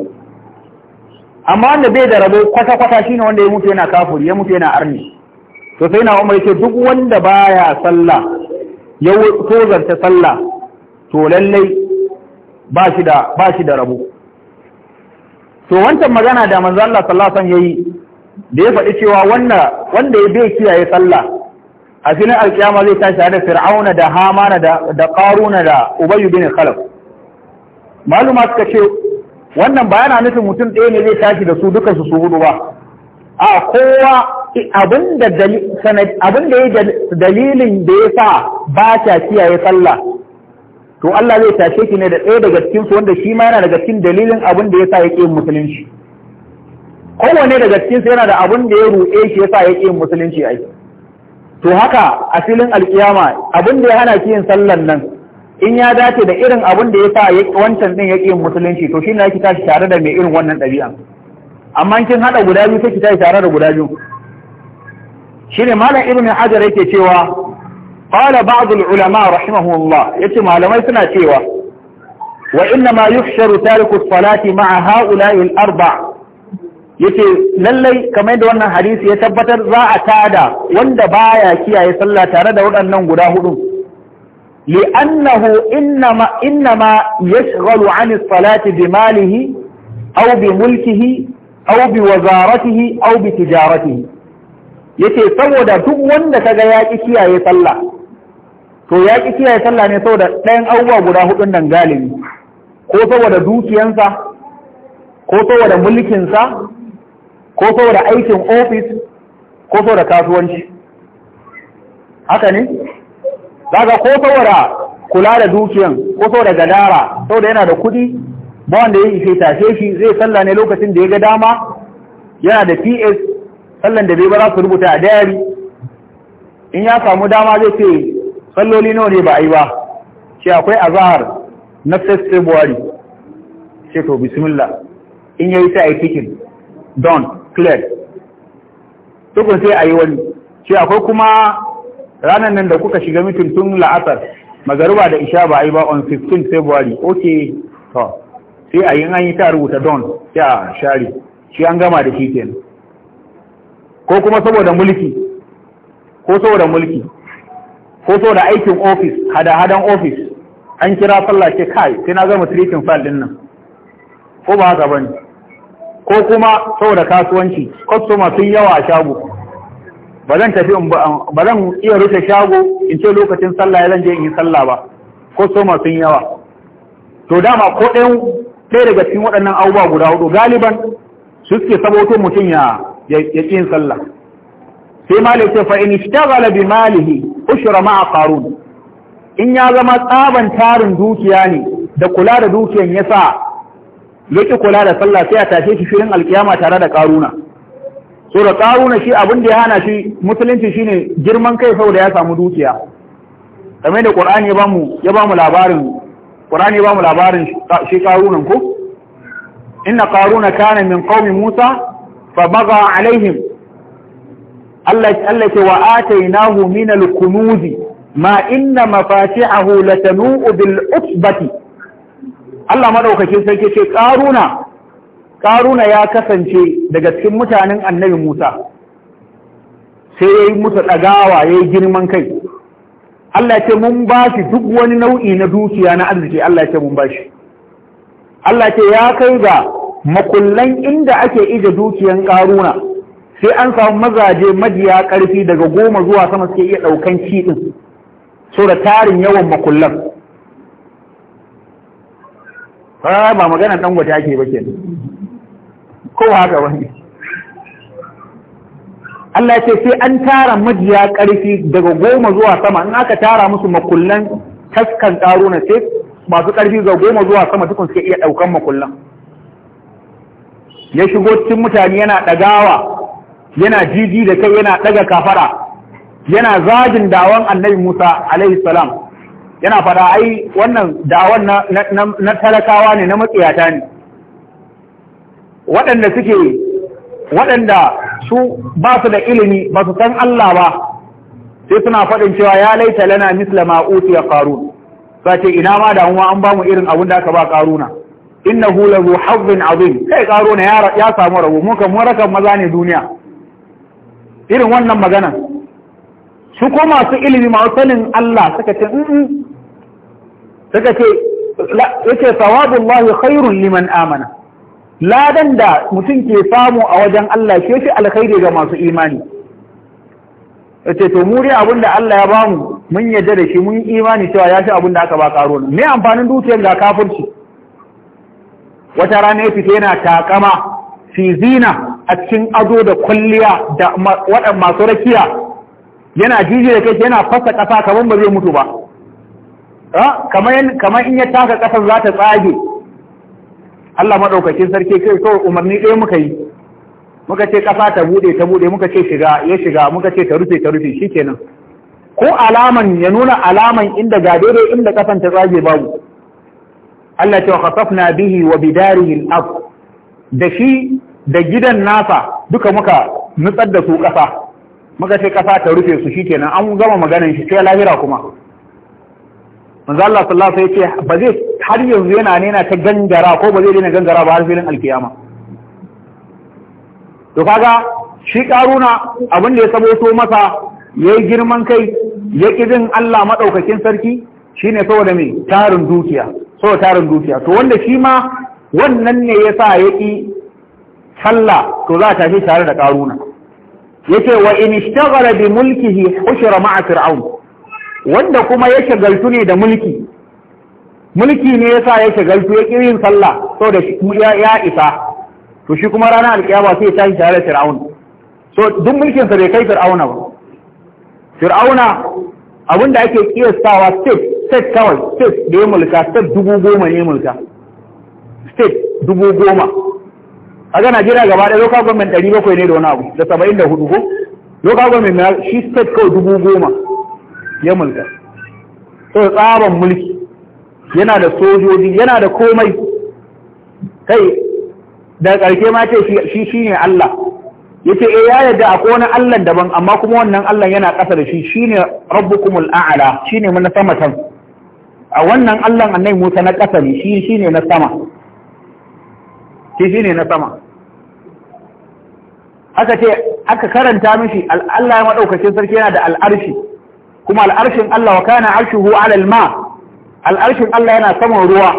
amma wanda bai da rabo kwata-kwata shine wanda ya mutu yana kafiri ya mutu yana arni to sai na umar ce duk wanda baya sallah ya tozarta sallah to lallai ba shi da rabu. rabo to wancan magana da manzan Allah sallallahu ya yi da ya faɗi cewa wanda ya bai kiyaye sallah a filin alƙiyama zai tashi da fir'auna da hamana da ƙaruna da ubayu bin khalaf maluma suka ce wannan ba yana nufin mutum ɗaya ne zai tashi da su duka su su hudu ba a kowa abin da ya dalilin da ya sa ba ta kiyaye sallah to Allah zai tashe ki ne da ɗaya daga cikin su wanda shi ma yana daga cikin dalilin abin da yasa yake musulunci kowanne daga cikin su yana da abin da ya ruɗe shi yasa yake musulunci ai to haka a filin alkiyama abin da ya hana ki yin sallan nan in ya dace da irin abin da yasa wancan din yake musulunci to shi ne yake tashi tare da mai irin wannan ɗabi'a amma kin hada guda biyu sai ki tashi tare da guda biyu shine malam ibnu hajar yake cewa qala ba'd ulama rahimahullah yace malamai suna cewa wa inna ma yuhsharu tariku as-salati ma'a ha'ula'i al-arba lallai kamar da wannan hadisi ya tabbatar za a tada wanda baya kiyaye sallah tare da waɗannan guda hudu لأنه إنما, إنما يشغل عن bi بماله أو بملكه aubi بوزارته أو tijaratihi yake saboda duk wanda kaga ya ki kiyaye sallah to ya ƙi kiyaye sallah ne saboda ɗayan abubuwa guda hudun nan galibi ko saboda dukiyansa ko saboda mulkinsa ko saboda aikin ofis ko saboda kasuwanci haka ne daga ko saboda kula da dukiyan ko saboda gadara saboda yana da kuɗi ba wanda ya ishe tashe shi zai sallah ne lokacin da ya ga dama yana da ps sallan da bai ba za su rubuta a dayari in ya samu dama zai ce salloli nawa ne ba a yi ba ce akwai azahar na first february ce to bismillah in yi ta a yi tikin don clear tukun sai a yi wani ce akwai kuma ranar nan da kuka shiga mitin tun la'asar magariba da isha ba a yi ba on 15 february ok to sai a yi an yi ta rubuta don ya share shi an gama da shi ko kuma saboda mulki ko saboda mulki ko so da aikin ofis hada-hadan ofis an kira sallah ce kai sai na gama trikin fal din nan ko ba haka bane ko kuma saboda kasuwanci customer sun yawa a shago ba zan tafi ba zan iya rufe shago in ce lokacin sallah ya zan je in yi sallah ba customer sun yawa to dama ko ɗayan ɗaya daga cikin waɗannan abubuwa guda hudu galiban su suke saboto mutum ya ya yin sallah sai malik ce fa in ishtaghala bi malihi ushra ma qarun in ya zama tsaban tarin dukiya ne da kula da dukiyan yasa yake kula da sallah sai a tashi shi shirin alkiyama tare da karuna so da karuna shi abin da ya hana shi musulunci shine girman kai saboda ya samu dukiya kamar da qur'ani ya bamu ya bamu labarin qur'ani ya bamu labarin shi karunan ko inna qaruna kana min qaumi musa fa baga alaihim Allah Allah ce wa atainahu min al-kunuzi ma inna mafatihahu latanu'u bil usbati Allah madaukakin sarki ce karuna karuna ya kasance daga cikin mutanen annabi Musa sai yayi musu dagawa yayi girman kai Allah ce mun ba shi duk wani nau'i na dukiya na arziki Allah ce mun ba shi Allah ce ya kai ga makullan inda ake ije dukiyan karuna sai an samu mazaje majiya ƙarfi daga goma zuwa sama suke iya ɗaukan ci ɗin so da tarin yawan makullan ba maganar ɗan wata ake ba ke ko haka wani Allah ce sai an tara majiya ƙarfi daga goma zuwa sama in aka tara musu makullan taskan ƙaro na sai masu ƙarfi daga goma zuwa sama dukkan suke iya ɗaukan makullan ya shigo cikin mutane yana ɗagawa yana jiji da kai yana daga kafara yana zagin dawon annabi Musa alaihi salam yana fada ai wannan dawon na, na, talakawa ne na matsiyata ne waɗanda suke waɗanda su ba su da ilimi ba su san Allah ba sai suna faɗin cewa ya laita lana misla ma utiya qarun sace ina ma damuwa an ba mu irin abin da aka ba qaruna innahu lahu hazzin azim kai qaruna ya ya samu rabo mun kan rakan maza ne duniya irin wannan magana su ko masu ilimi masu sanin Allah suka ce suka ce yace sawabullahi khairun liman amana ladan da mutum ke samu a wajen Allah shi yace alkhairi ga masu imani yace to mu dai abinda Allah ya bamu mun yadda da shi mun imani cewa ya shi da aka ba karo me amfanin dukiyar ga kafirci wata rana ya fita yana takama fi zina a cikin ado da kwalliya da waɗan masu rakiya yana jiji da kai yana fasa ƙasa kamar ba zai mutu ba ah, kamar in ya taka ƙasar za ta tsage Allah maɗaukakin sarki kai kawai umarni ɗaya muka yi muka ce ƙasa ta buɗe ta buɗe muka ce shiga ya shiga muka ce ta rufe ta rufe shi kenan ko alaman ya nuna alaman inda ga daidai inda ƙasan ta tsage babu Allah ce wa khasafna bihi wa bidarihi al-ard da shi da gidan nasa duka muka nutsar da su ƙasa muka ce ƙasa ta rufe su shi shikenan an gama maganin shi sai lahira kuma manzo Allah sallallahu alaihi wasallam ba zai har yanzu yana nena ta gangara ko ba zai daina gangara ba har filin alkiyama to kaga shi karuna abin da ya so masa yayi girman kai ya kidin Allah madaukakin sarki shine saboda mai tarin dukiya saboda tarin dukiya to wanda shi ma wannan ne ya yasa yaki sallah to za a tashi tare da karuna yace wa in ishtaghala bi mulkihi hushira ma'a fir'aun wanda kuma ya shagaltu ne da mulki mulki ne yasa ya shagaltu ya yin sallah so da ya isa to shi kuma ranar alkiyama sai ya yi tare da fir'aun so duk mulkinsa sa bai kai fir'auna ba fir'auna abinda ake kiyastawa state state kawai state da ya mulka state dubu goma ne mulka state dubu goma ga Najeriya gaba ɗaya local government ɗari bakwai ne da wani abu da saba'in da hudu ko local government na shi state kawai dubu goma ya mulka so tsaban mulki yana da sojoji yana da komai kai da ƙarshe ma ce shi shi ne Allah ya ce eh, ya yadda a kone Allah daban amma kuma wannan Allah yana ƙasa da shi shi ne rabbukumul a'ala shi ne na sama can a wannan Allah annai Musa na ƙasa ne shi shi ne na sama shi shi ne na sama aka ce aka karanta mishi Allah ya madaukakin sarki yana da al'arshi kuma al'arshin Allah wa kana arshuhu hu al-ma al'arshin Allah yana saman ruwa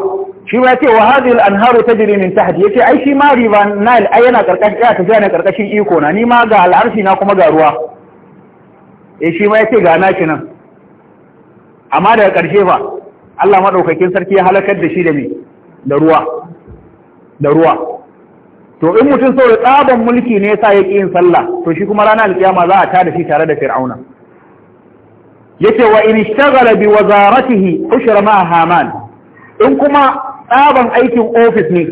shi ma ce wa hadhihi al-anharu tajri min Ya yace ai shi ma riba nile ai yana karkashin ya tafiya ne karkashin iko na ni ma ga al'arshi na kuma ga ruwa E, shi ma ce ga naki nan amma daga ƙarshe ba, Allah madaukakin sarki ya halakar da shi da me da ruwa da ruwa to in mutum saboda tsaban mulki ne yasa yake yin sallah to shi kuma rana alkiyama za a tada shi tare da fir'auna yace wa in ishtaghala bi wazaratihi ushra ma haman in kuma tsaban aikin ofis ne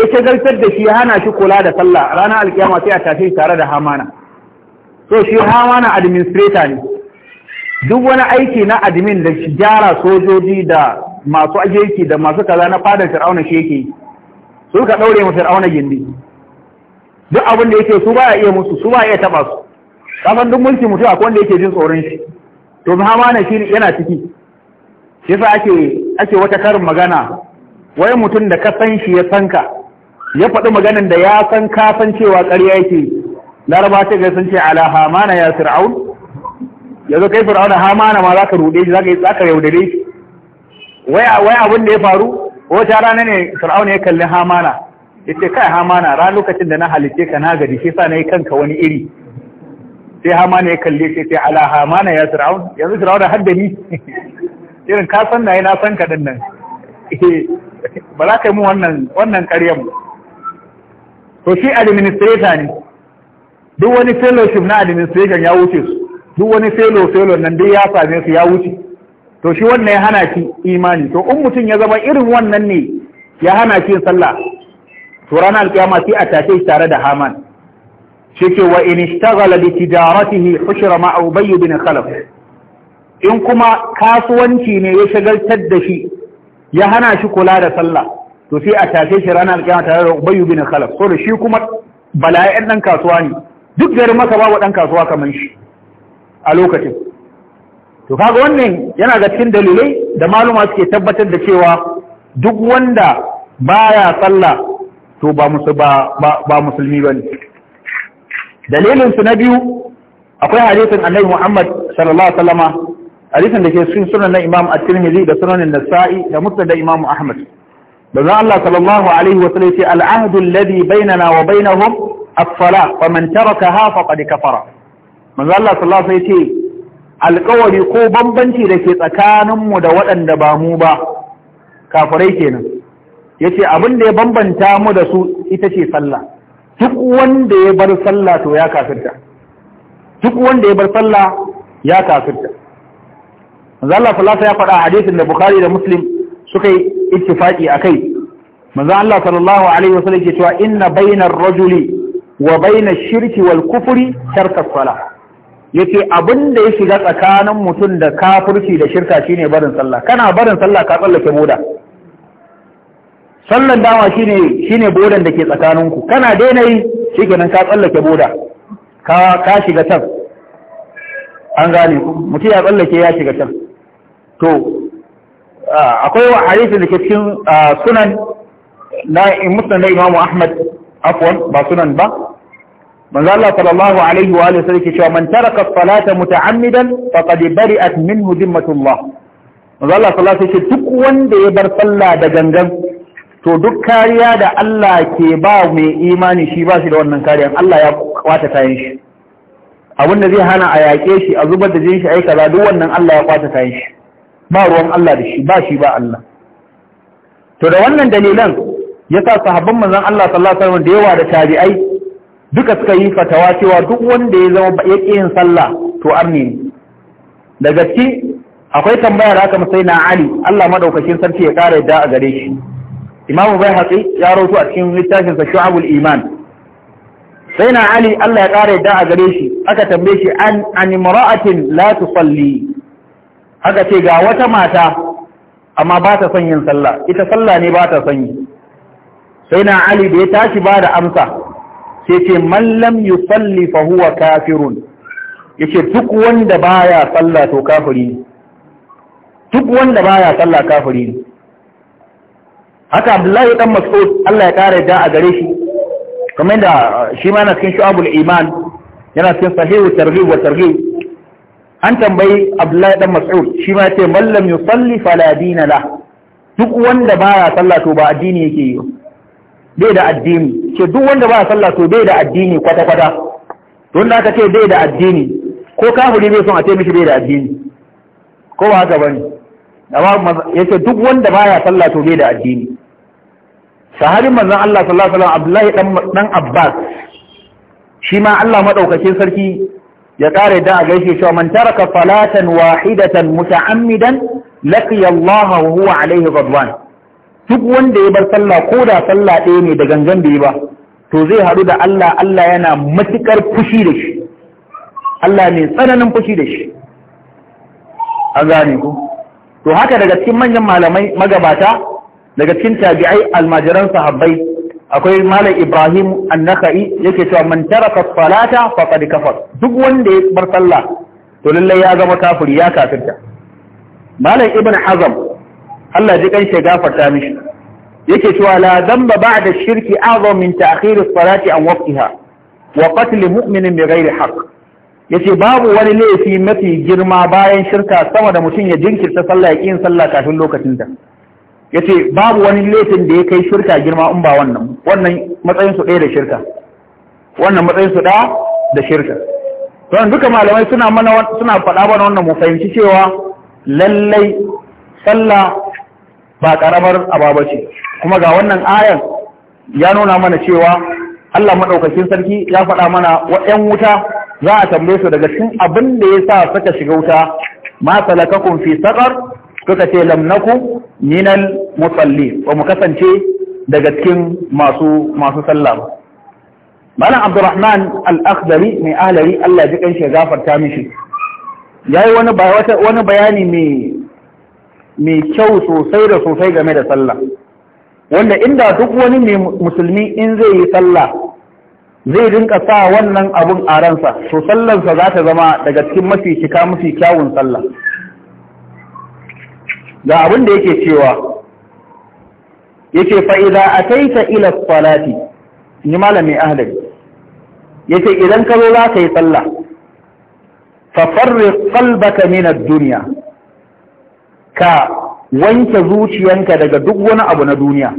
ya shagaltar da shi hana shi kula da sallah ranar alkiyama sai a tashi tare da hamana to shi hamana administrator ne duk wani aiki na admin da gyara sojoji da masu aiki da masu kaza na fadar fir'auna shi yake yi suka ka daure mu fir'auna gindi duk abin da yake su baya iya musu su baya iya taba su Kasan duk mulki mutum a wanda yake jin tsoron shi to na shi yana ciki shi sa ake wata karin magana wai mutum da kasan san shi ya san ka ya faɗi maganin da ya san ka san cewa ƙarya yake laraba ta ga sun ce ala hamana ya fir'aun yanzu kai fir'auna hamana ma za ka ruɗe shi za ka yaudare shi wai abin da ya faru wata rana ne fir'auna ya kalli hamana ya ce kai hamana ran lokacin da na halitce ka na gadi shi sa na yi kanka wani iri sai hamana ya kalli, shi ce ala hamana ya fir'aun yanzu fir'auna har da ni irin ka san na yi na san din nan ba za ka yi mu wannan wannan ƙaryan to shi administrator ne duk wani fellowship na administration ya wuce su duk wani fellow fellow nan dai ya same su ya wuce to shi wannan ya hana shi imani to in mutum ya zama irin wannan ne ya hana shi sallah to ranar alƙiyama sai a tashe tare da Haman shi ce wa in ishtaghala bi tijaratihi hushra ma Ubay bin Khalaf in kuma kasuwanci ne ya shagaltar da shi ya hana shi kula da sallah to sai a tashe shi ranar alƙiyama tare da Ubay bin Khalaf so da shi kuma bala'in dan kasuwa ne duk garin masa babu dan kasuwa kamar shi a lokacin to kaga wannan yana ga cikin dalilai da maluma suke tabbatar da cewa duk wanda baya sallah to ba ba musulmi bane dalilin su na biyu akwai hadisin annabi Muhammad sallallahu alaihi wasallama hadisin da ke cikin sunan Imam At-Tirmidhi da sunan An-Nasa'i da Musnad Imam Ahmad da zan Allah sallallahu alaihi wasallam ce al-ahdu alladhi bainana wa bainahum as-salah wa man tarakaha faqad kafara manzo Allah sallallahu alaihi wasallam alkawari ko bambanci da ke tsakaninmu da waɗanda ba mu ba kafirai kenan yace abin da ya bambanta mu da su ita ce sallah duk wanda ya bar sallah to ya kafirta duk wanda ya bar sallah ya kafirta manzo Allah sallallahu ya faɗa hadisin da Bukhari da Muslim suka yi ittifaqi akai manzo Allah sallallahu alaihi wasallam ke cewa inna bainar rajuli wa bainar shirki wal kufri tarka salah yake abin da ya shiga tsakanin mutum da kafirci da shirka shine barin sallah kana barin sallah ka tsallake boda sallan dama shine shine bodan da ke tsakaninku kana daina yi shikenan ka tsallake boda ka ka shiga can an gane ku mutum ya tsallake ya shiga can to akwai hadisin da ke cikin sunan na na Imam Ahmad afwan ba sunan ba manzo Allah sallallahu alaihi wa alihi sallam ke cewa man taraka as-salata muta'ammidan faqad bari'at minhu dhimmatullah manzo Allah sallallahu alaihi wa sallam duk wanda ya bar sallah da gangan to duk kariya da Allah ke ba mai imani shi ba shi da wannan kariya. Allah ya kwata kayan shi abin da zai hana a yaƙe shi a zubar da jin shi ai kaza duk wannan Allah ya kwata kayan shi ba ruwan Allah da shi ba shi ba Allah to da wannan dalilan yasa sahabban manzon Allah sallallahu alaihi wa sallam da yawa da tabi'ai duka suka yi fatawa cewa duk wanda ya zama ya yin sallah to arni ne Da gaske akwai tambayar da aka musai na ali Allah maɗaukakin sarki ya ƙara yadda a gare shi imamu bai haƙi ya rautu a cikin littafin sa shu'abul iman sai na ali Allah ya ƙara yadda a gare shi aka tambaye shi an an imra'atin la tusalli aka ce ga wata mata amma ba ta son yin sallah ita sallah ne ba ta son yi sai na ali da ya tashi ba da amsa sai ce mallam yusalli fa huwa kafirun Ya ce duk wanda baya sallah to kafiri duk wanda baya sallah kafiri ne haka Abdullahi Ɗan Mas'ud Allah ya ƙara yadda a gare shi kamar da uh, shi ma na cikin shu'abul iman yana cikin sahihu targhib wa targhib an tambayi Abdullahi Ɗan Mas'ud shi ma ce mallam yusalli fala dina la duk wanda baya sallah to ba addini yake yi bai da addini ce duk wanda ba sallah to bai da addini kwata-kwata don da aka ce bai da addini ko kafiri bai son a ce mishi bai da addini ko ba haka bane amma ce duk wanda baya sallah to bai da addini sahabin manzon Allah sallallahu alaihi wasallam Abdullahi dan dan Abbas shi ma Allah madaukakin sarki ya kare da a gaishe cewa man taraka salatan wahidatan muta'ammidan laqiya Allah wa huwa alaihi ghadwan duk wanda ya bar sallah ko da sallah ɗaya ne da gangan bai ba to zai haɗu da Allah Allah yana matuƙar fushi da shi Allah ne tsananin fushi da shi a gane ku to haka daga cikin manyan malamai magabata daga cikin tabi'ai almajiran sahabbai akwai malam Ibrahim annaka'i yake cewa man taraka salata faqad kafar duk wanda ya bar sallah to lallai ya zama kafiri ya kafirta malam Ibn Hazm Allah ji kan shi gafarta mishi yake cewa la dhanba ba'da shirki a'zam min ta'khir as-salati an waqtiha wa qatl mu'minin bighairi haqq yace babu wani laifi mafi girma bayan shirka sama da mutum ya jinkirta sallah ya yin sallah kafin lokacin ta yace babu wani laifin da ya kai shirka girma in ba wannan wannan matsayin su ɗaya da shirka wannan matsayin su ɗaya da shirka don duka malamai suna mana suna faɗa mana wannan mu fahimci cewa lallai sallah ba karamar ababa ce kuma ga wannan ayar ya nuna mana cewa Allah madaukakin sarki ya faɗa mana wa'yan wuta za a tambaye su daga cikin abin da ya sa suka shiga wuta ma salakakum fi saqar suka ce lam naku minal musalli wa mu kasance daga cikin masu masu sallah ba malam abdurrahman al-akhdari mai ahlari Allah ya ji kan shi gafarta mishi yayi wani wani bayani mai mai kyau sosai da sosai game da sallah wanda inda duk wani mai musulmi in zai yi sallah zai rinka sa wannan abun a ransa so sallansa za ta zama daga cikin mafi cika mafi kyawun sallah ga abin da yake cewa yake fa'iza a taita ila salati ni malamin ahalari yake idan ka zo za ka yi sallah fafarri kalbaka minar duniya ka wanke zuciyanka daga duk wani abu na duniya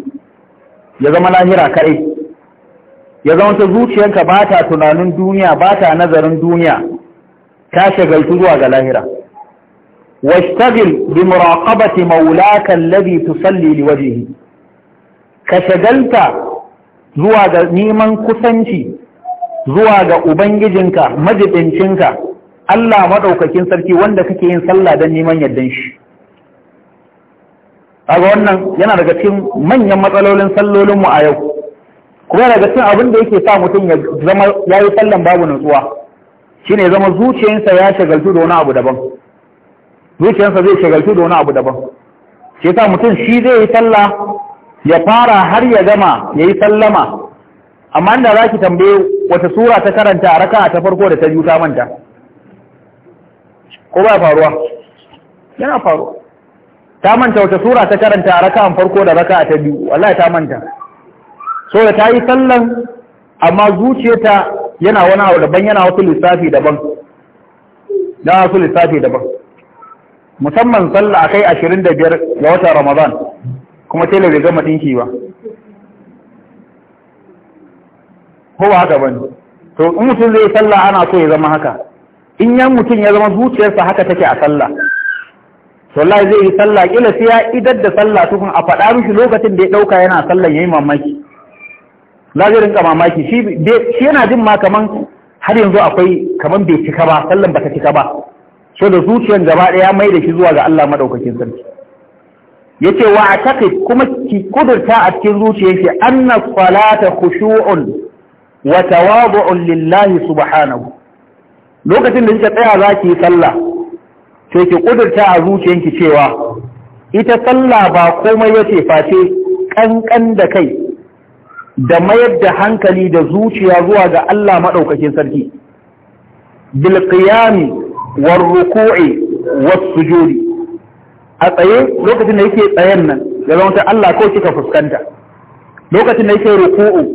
ya zama lahira kaɗai ya zama ta zuciyanka ba ta tunanin duniya ba ta nazarin duniya ta shagaltu zuwa ga lahira washtagil bi muraqabati maulaka alladhi tusalli liwajhihi ka shagalta zuwa ga neman kusanci zuwa ga ubangijinka majibincinka Allah madaukakin sarki wanda kake yin sallah don neman yardan shi kaga wannan yana daga cikin manyan matsalolin sallolin mu a yau kuma daga cikin abin da yake sa mutum ya zama yayi sallan babu nutsuwa shine zama zuciyarsa ya shagaltu da wani abu daban zuciyarsa zai shagaltu da wani abu daban shi yasa mutum shi zai yi salla ya fara har ya gama yayi sallama amma inda zaki tambaye wata sura ta karanta a raka'a ta farko da ta biyu ta manta ko ba faruwa yana faruwa ta manta wata sura ta karanta a raka'an farko da raka'a ta biyu wallahi ta manta so da ta yi sallan amma zuciyarta yana wani abu daban yana wasu lissafi daban yana wasu lissafi daban musamman sallah a kai ashirin da biyar ga watan Ramadan kuma tele bai gama dinki ba ko ba haka bane to in mutum zai sallah ana so ya zama haka in yan mutum ya zama zuciyarsa haka take a sallah wallahi zai yi sallah kila sai ya idar da sallah tukun a faɗa mishi lokacin da ya ɗauka yana ya yi mamaki za zai rinka mamaki shi yana jin ma kaman har yanzu akwai kaman bai cika ba sallan bata cika ba so da zuciyar gaba ɗaya mai da shi zuwa ga Allah madaukakin sarki yace wa ataqi kuma ki kudurta a cikin zuciyar shi anna salata khushu'un wa tawadu'un lillahi subhanahu lokacin da kika tsaya za ki yi sallah to ki kudurta a zuciyanki cewa ita sallah ba komai yace face kankan da kai da mayar da hankali da zuciya zuwa ga Allah madaukakin sarki bil qiyami war ruku'i was sujudi a tsaye lokacin da yake tsayen nan ya zama ta Allah ko kika fuskanta lokacin da yake ruku'u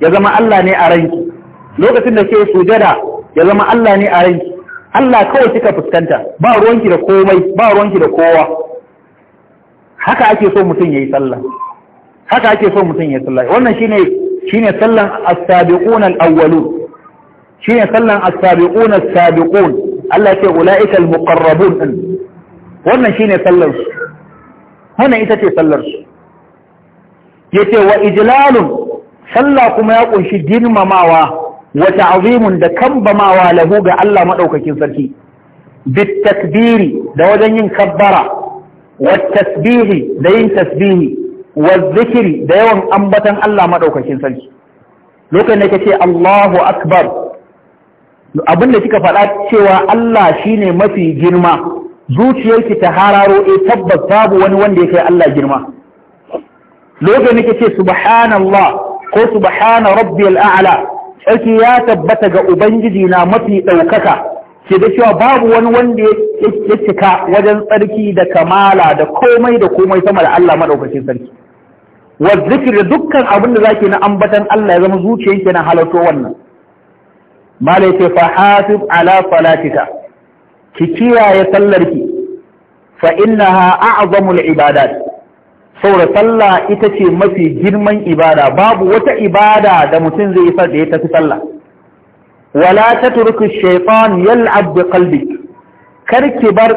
ya zama Allah ne a ranki lokacin da yake sujada ya zama Allah ne a ranki Allah kawai suka fuskanta ba ruwanki da komai ba ruwanki da kowa haka ake so mutum yayi sallah haka ake so mutum yayi sallah wannan shine shine sallan as-sabiquna al-awwalun shine sallan as-sabiquna as-sabiqun Allah ce ulaika al-muqarrabun wannan shine sallar su wannan ita ce sallar su yace wa ijlalun sallah kuma ya kunshi girmamawa wa ta'zimun da kambamawa lahu ga Allah maɗaukakin sarki bit takbiri da wajen yin kabbara wa da yin tasbihi wa zikiri da yawan ambatan Allah madaukakin sarki lokacin da kace Allahu akbar abinda kika faɗa cewa Allah shine mafi girma zuciyarki ta hararo e tabbas babu wani wanda ya kai Allah girma lokacin da ce subhanallah ko subhana rabbiyal a'la tsarki ya tabbata ga ubangiji na mafi ɗaukaka ke da cewa babu wani wanda ya cika wajen tsarki da kamala da komai da komai sama da Allah maɗaukacin sarki wa zikir da dukkan abin da zaki na ambatan Allah ya zama zuciyanki na halarto wannan mala yace fa hasib ala salatika ki kiyaye sallarki fa innaha a'zamul ibadat saboda sallah ita ce mafi girman ibada babu wata ibada da mutum zai yi da ya tafi sallah wala tatruku shaytan yal'ab bi qalbik kar ki bar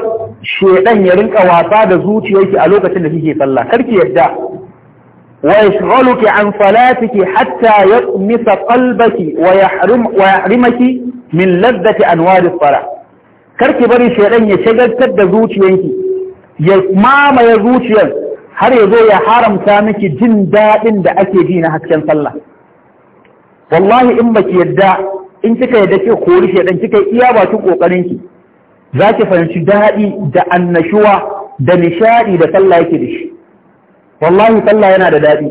shaydan ya rinka wasa da zuciyarki a lokacin da kike sallah kar ki yadda wa yashghaluki an salatiki hatta yatmisa qalbaki wa yahrim wa yahrimaki min ladati anwari salah kar ki bari shaydan ya shagaltar da zuciyarki ya mamaye zuciyarki har ya zo ya haramta miki jin daɗin da ake ji na hasken sallah wallahi in baki yadda in kika yadda ke kori shedan kika iya bakin kokarin ki za ki fahimci daɗi da annashuwa da nishaɗi da sallah yake da shi wallahi sallah yana da daɗi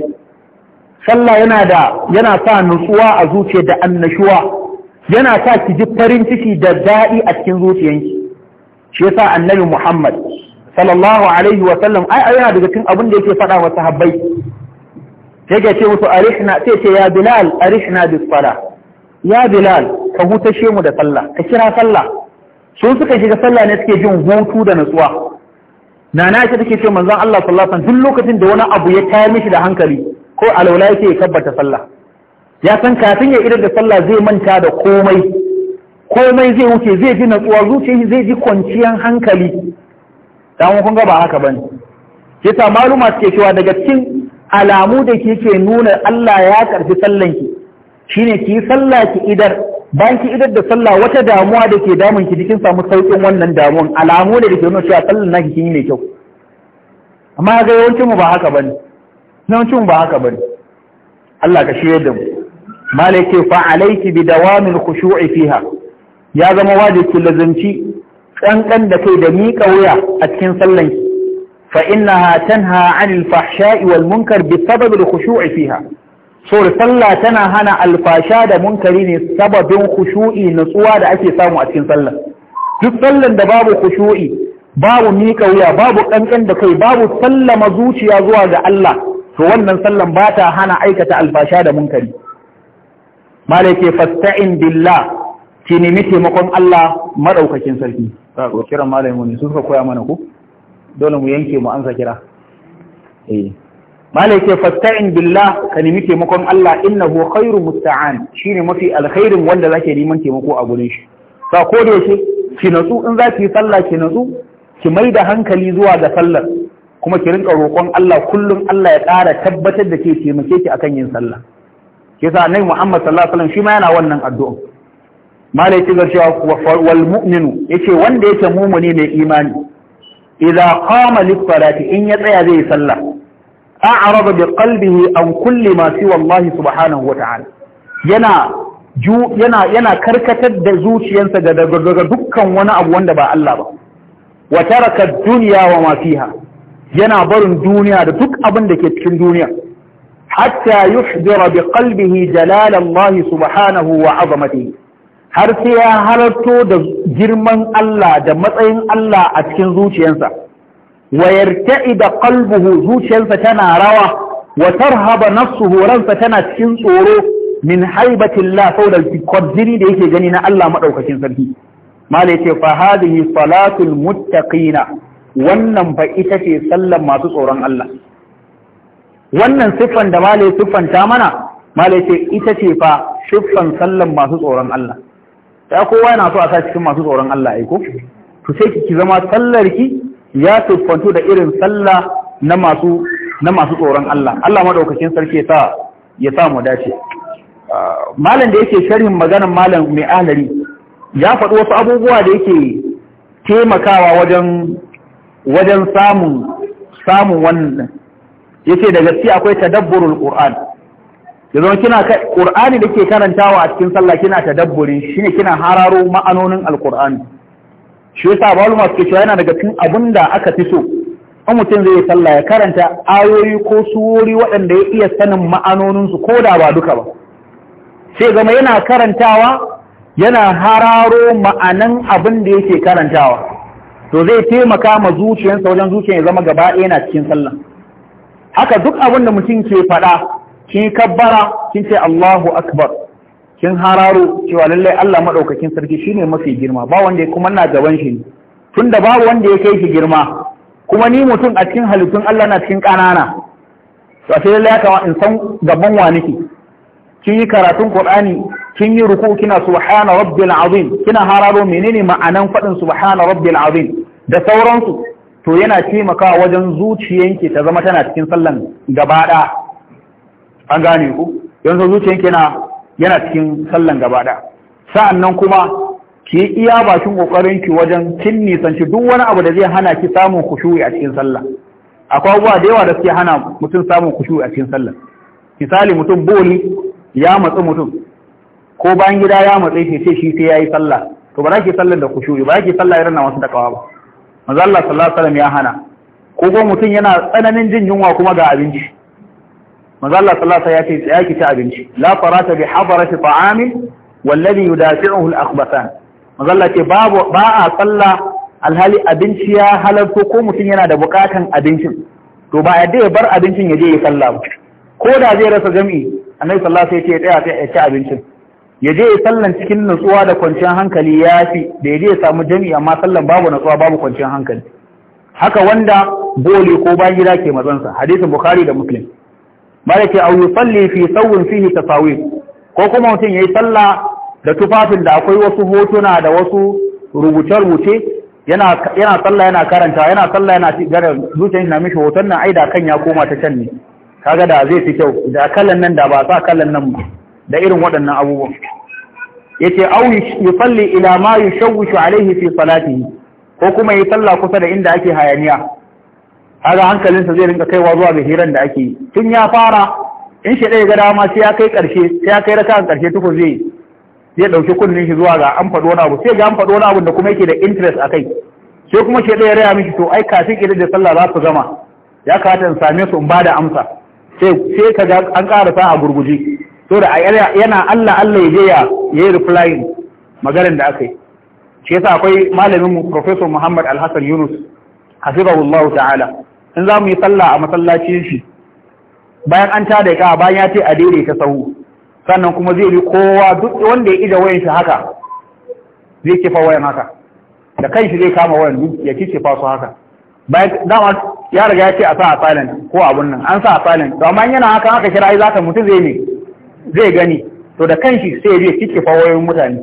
sallah yana da yana sa nutsuwa a zuciya da annashuwa yana sa ki ji farin ciki da daɗi a cikin zuciyanki shi yasa annabi Muhammad sallallahu alaihi wa sallam ai yana daga cikin abin da yake faɗa wa sahabbai yake ce musu arihna sai ce ya bilal arihna bis sala ya bilal ka hutashe mu da sallah ka kira sallah su suka shiga sallah ne suke jin hutu da natsuwa nana ita take ce manzon Allah sallallahu alaihi duk lokacin da wani abu ya tayar mishi da hankali ko alwala yake ya kabbata sallah ya san kafin ya idar da sallah zai manta da komai komai zai wuce zai ji natsuwa zuciya zai ji kwanciyar hankali dan kun ga ba haka bane ta, maluma suke cewa daga cikin alamu da kike nuna Allah ya karfi sallan ki shine ki sallah ki idar bayan ki idar da sallah wata damuwa da ke damun ki dikin samu saukin wannan damuwan alamu ne da ke nuna cewa sallan naki kin yi mai kyau amma ga yawancin mu ba haka bane yawancin mu ba haka bane Allah ka shirye da mu malai ce fa alayki bi dawamil khushu'i fiha ya zama wajibi ki lazanci ƙanƙan da kai da miƙa wuya a cikin sallan ki fa can tanha 'anil fahsha'i wal munkar bi sabab al khushu'i fiha so sallah tana hana alfasha da munkari ne sababin khushu'i nutsuwa da ake samu a cikin sallah duk sallan da babu khushu'i babu miƙa wuya babu ƙanƙan da kai babu sallama zuciya zuwa ga Allah to wannan sallan ba ta hana aikata alfasha da munkari malai fasta'in billah ki nemi taimakon Allah maɗaukakin sarki za kiran malamin mu ne su suka koya mana ku dole mu yanke mu ansa kira eh malai ce fasta'in billah ka nemi taimakon Allah innahu khairu musta'an shine mafi alkhairin wanda zake neman taimako a gurin shi ba ko da yake ki natsu in zaki yi sallah ki natsu ki mai da hankali zuwa ga sallar kuma ki rinka roƙon Allah kullum Allah ya ƙara tabbatar da ke taimake ki akan yin sallah ke sa nai Muhammad sallallahu alaihi wasallam shi ma yana wannan addu'a malai ci cewa wal mu'minu yace wanda yake mumuni mai imani idza qama lis-salati in ya tsaya zai sallah a'rada bi qalbihi an kulli ma siwa Allah subhanahu wata'ala yana yana yana karkatar da zuciyarsa ga daga dukkan wani abu wanda ba Allah ba wa taraka dunya wa ma fiha yana barin duniya da duk abin da ke cikin duniya hatta yuhdira bi qalbihi jalala Allah subhanahu wa 'azamatihi har sai ya halarto da girman Allah da matsayin Allah a cikin zuciyarsa wa da qalbuhu zuciyarsa tana rawa wa tarhaba nafsuhu ransa tana cikin tsoro min haibatillah saboda kwazzini da yake gani na Allah madaukakin sarki malai ce fa salatul muttaqina wannan fa ita ce sallan masu tsoron Allah wannan siffan da malai siffanta mana malai ce ita ce fa siffan sallan masu tsoron Allah ya kowa yana so a sa cikin masu tsoron Allah ya ko to sai ki zama sallar ki ya tuffanto da irin sallah na masu na masu tsoron Allah Allah madaukakin sarki ya sa ya sa mu dace ah, malam da yake sharhin maganar malam mai alari ya faɗi wasu abubuwa da yake taimakawa wajen wajen samun samun wannan yace da gaskiya akwai tadabburul qur'an ya zama kina Qur'ani da ke karantawa a cikin sallah kina tadabburi shine kina hararo ma'anonin alqur'ani shi yasa wani masu cewa yana daga cikin abinda aka fi so in mutum zai sallah ya karanta ayoyi ko suwori waɗanda ya iya sanin ma'anoninsu ko da ba duka ba sai zama yana karantawa yana hararo ma'anan abin da yake karantawa to zai taimaka ma zuciyarsa wajen zuciyar ya zama gaba ɗaya na cikin sallah haka duk abin da mutum ke faɗa kin kabbara kin ce Allahu akbar kin hararo cewa lallai Allah madaukakin sarki shine mafi girma ba wanda ya kuma na gaban shi tunda babu wanda ya kai shi girma kuma ni mutum a cikin halittun Allah na cikin ƙanana to sai lalle ya kama in san gaban wa nake kin yi karatun Qur'ani kin yi ruku kina subhana rabbil azim kina hararo menene ma'anan fadin subhana rabbil azim da sauransu to yana taimakawa wajen zuciyanki ta zama tana cikin sallan gaba an gane ku yanzu zuciyar yana yana cikin sallan gaba da sa'annan kuma ki yi iya bakin ƙoƙarin ki wajen cin nisanci duk wani abu da zai hana ki samun khushu'i a cikin sallah akwai abubuwa da yawa da suke hana mutum samun khushu'i a cikin sallah misali mutum boli ya matsi mutum ko bayan gida ya matsi shi sai shi sai yayi sallah to ba za ki sallar da khushu'i ba za ki sallah irin na wasu takawa ba manzo Allah sallallahu alaihi wasallam ya hana ko mutum yana tsananin jin yunwa kuma ga abinci manzo Allah sallallahu alaihi wasallam ya ce ya ki ta abinci la farata bi hadarati ta'amin wallazi yudafi'uhu al-akhbathan manzo Allah ce babu ba a sallah alhali abinci ya halarto ko mutum yana da bukatan abincin to ba yadda ya bar abincin ya je ya salla ko da zai rasa jami'i annabi sallallahu alaihi wasallam ya tsaya ya ci abincin ya je ya sallan cikin nutsuwa da kwanciyar hankali ya fi da ya je ya samu jami'i amma sallan babu nutsuwa babu kwanciyar hankali haka wanda bole ko bayan gida ke mazansa hadisin bukhari da muslim a yi tsalli fi fiye fihi tasawir ko kuma mutum yayi sallah da tufafin da akwai wasu hotuna da wasu rubuce-rubuce yana tsalla sallah yana karanta yana sallah yana gara zuciyar na mishi hoton nan aida kan ya koma ta can ne kaga da zai fi kyau da kallon nan da ba sa kallon nan da irin waɗannan abubuwan a au tsalli ila ma shawushu alaihi fi salatihi ko kuma yi sallah kusa da inda ake hayaniya kaga hankalinsa zai rinka kaiwa zuwa ga hiran da ake yi tun ya fara in shi ɗaya ga dama sai ya kai ƙarshe sai ya kai raka ƙarshe tuku zai zai ɗauki kunnin shi zuwa ga an faɗo wani abu sai ga an faɗo wani abu da kuma yake da interest a kai sai kuma shi ɗaya raya miki to ai kafin ƙirin da sallah za su gama ya kamata in same su in ba da amsa sai ka ga an ƙara sa a gurguje to da yana Allah Allah ya je ya yi replying maganar da aka yi shi yasa akwai malamin mu professor Muhammad Al-Hassan Yunus hafizahullahu ta'ala in za mu yi sallah a masallacin shi bayan an tada ya kawa bayan ya ce a ta sahu sannan kuma zai bi kowa duk wanda ya ija wayan shi haka zai kifa wayan haka da kan shi zai kama wayan ya kifa su haka bayan dama ya riga ya ce a sa a silent ko abun nan an sa a silent to amma yana haka haka kira za zaka mutu zai ne zai gani to da kanshi sai zai kifa wayoyin mutane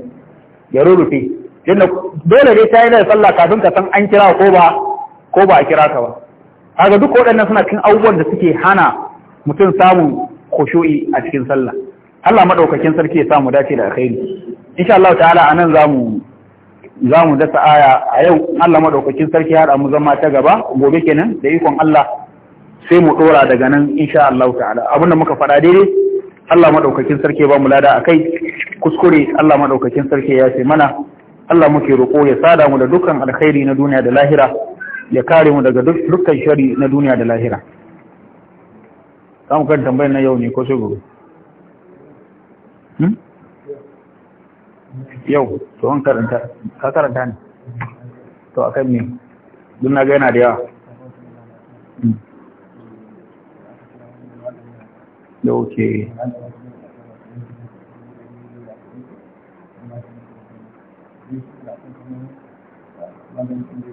ya rurrufe yadda dole dai ta yi da sallah kafin ka san an kira ko ba ko ba a kira ka ba ga duk waɗannan suna cikin abubuwan da suke hana mutum samun kusho'i a cikin sallah Allah maɗaukakin sarki ya samu dace da alkhairi insha Allah ta'ala anan zamu zamu dasa aya a yau Allah maɗaukakin sarki ya mu zama ta gaba gobe kenan da ikon Allah sai mu ɗora daga nan insha Allah ta'ala abinda muka faɗa daidai Allah maɗaukakin sarki ba mu lada kai, kuskure Allah maɗaukakin sarki ya ce mana Allah muke roƙo ya sada mu da dukkan alkhairi na duniya da lahira ya kare mu daga dukkan shari na duniya da lahira samun kan tambayin na yau ne ko sai gobe hmm? yau to an karanta ka karanta ne to akan ne duk na gaina da yawa da oke Thank you.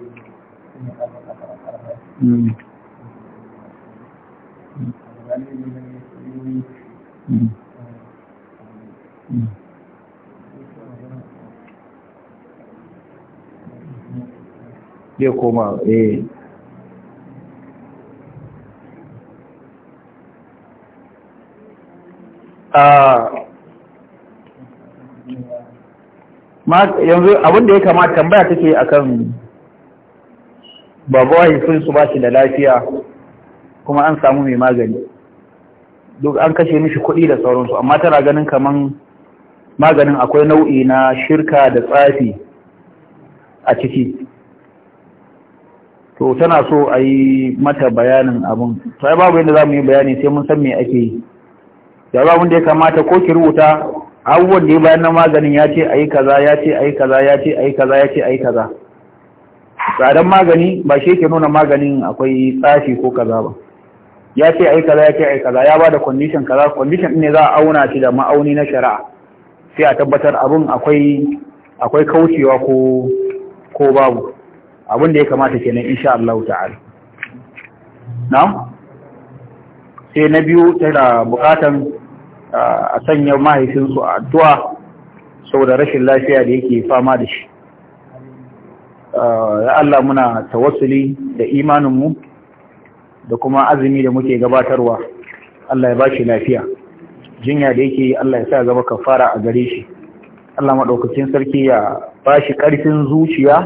ya koma eh ah. yanzu abinda ya kamata tambaya take akan babu wahaifinsu ba shi da lafiya kuma an samu mai magani duk an kashe mishi kuɗi da sauransu amma tana ganin kaman maganin akwai nau'i na shirka da tsafi a ciki to tana so a yi mata bayanin abin sai babu yadda za mu yi bayani sai mun san me ake yi da abin da ya kamata ko ki rubuta abubuwan da ya bayan na maganin ya ce a yi kaza ya ce a yi kaza ya ce a yi kaza ya ce a yi kaza tsadan magani ba shi yake nuna maganin akwai tsafi ko kaza ba ya ce ai kaza ya ce ai kaza ya ba da condition kaza condition ne za a auna shi da ma'auni na shari'a sai a tabbatar abin akwai akwai kaucewa ko ko babu abin da ya kamata kenan insha Allah ta'ala na sai na biyu tana bukatan a sanya mahaifinsu a addu'a saboda rashin lafiya da yake fama da shi ya Allah muna tawassuli da imaninmu da kuma azumi da muke gabatarwa Allah ya ba shi lafiya jinya da yake Allah ya sa gaba kafara a gare shi Allah maɗaukacin sarki ya ba shi ƙarfin zuciya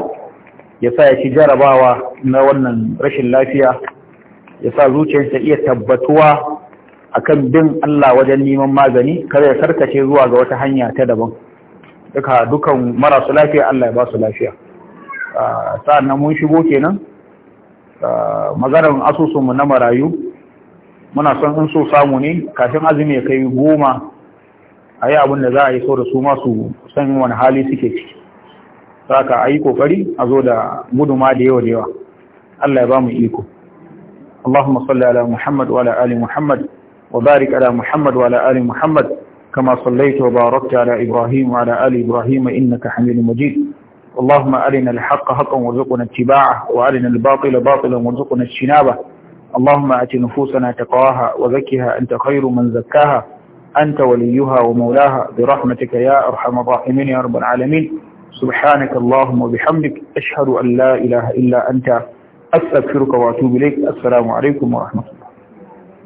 ya sa ya ci jarabawa na wannan rashin lafiya ya sa zuciyarsa iya tabbatuwa akan bin Allah wajen neman magani kada ya sarkace zuwa ga wata hanya ta daban duka dukan marasu lafiya Allah ya ba su lafiya sa'an na mun shigo kenan maganar asusunmu na marayu muna son in so samu ne kafin azumi ya kai goma a yi abin da za a yi so da su masu san wani hali suke ciki za ka a yi kokari a zo da guduma da yawa da yawa Allah ya ba mu iko Allahumma salli ala Muhammad wa ala ali Muhammad wa barik ala Muhammad wa ala ali Muhammad kama sallaita wa barakta ala Ibrahim wa ala ali Ibrahim innaka Hamidum Majid اللهم أرنا الحق حقا وارزقنا اتباعه وأرنا الباطل باطلا وارزقنا اجتنابه اللهم أت نفوسنا تقواها وزكها أنت خير من زكاها أنت وليها ومولاها برحمتك يا أرحم الراحمين يا رب العالمين سبحانك اللهم وبحمدك أشهد أن لا إله إلا أنت أستغفرك وأتوب إليك السلام عليكم ورحمة الله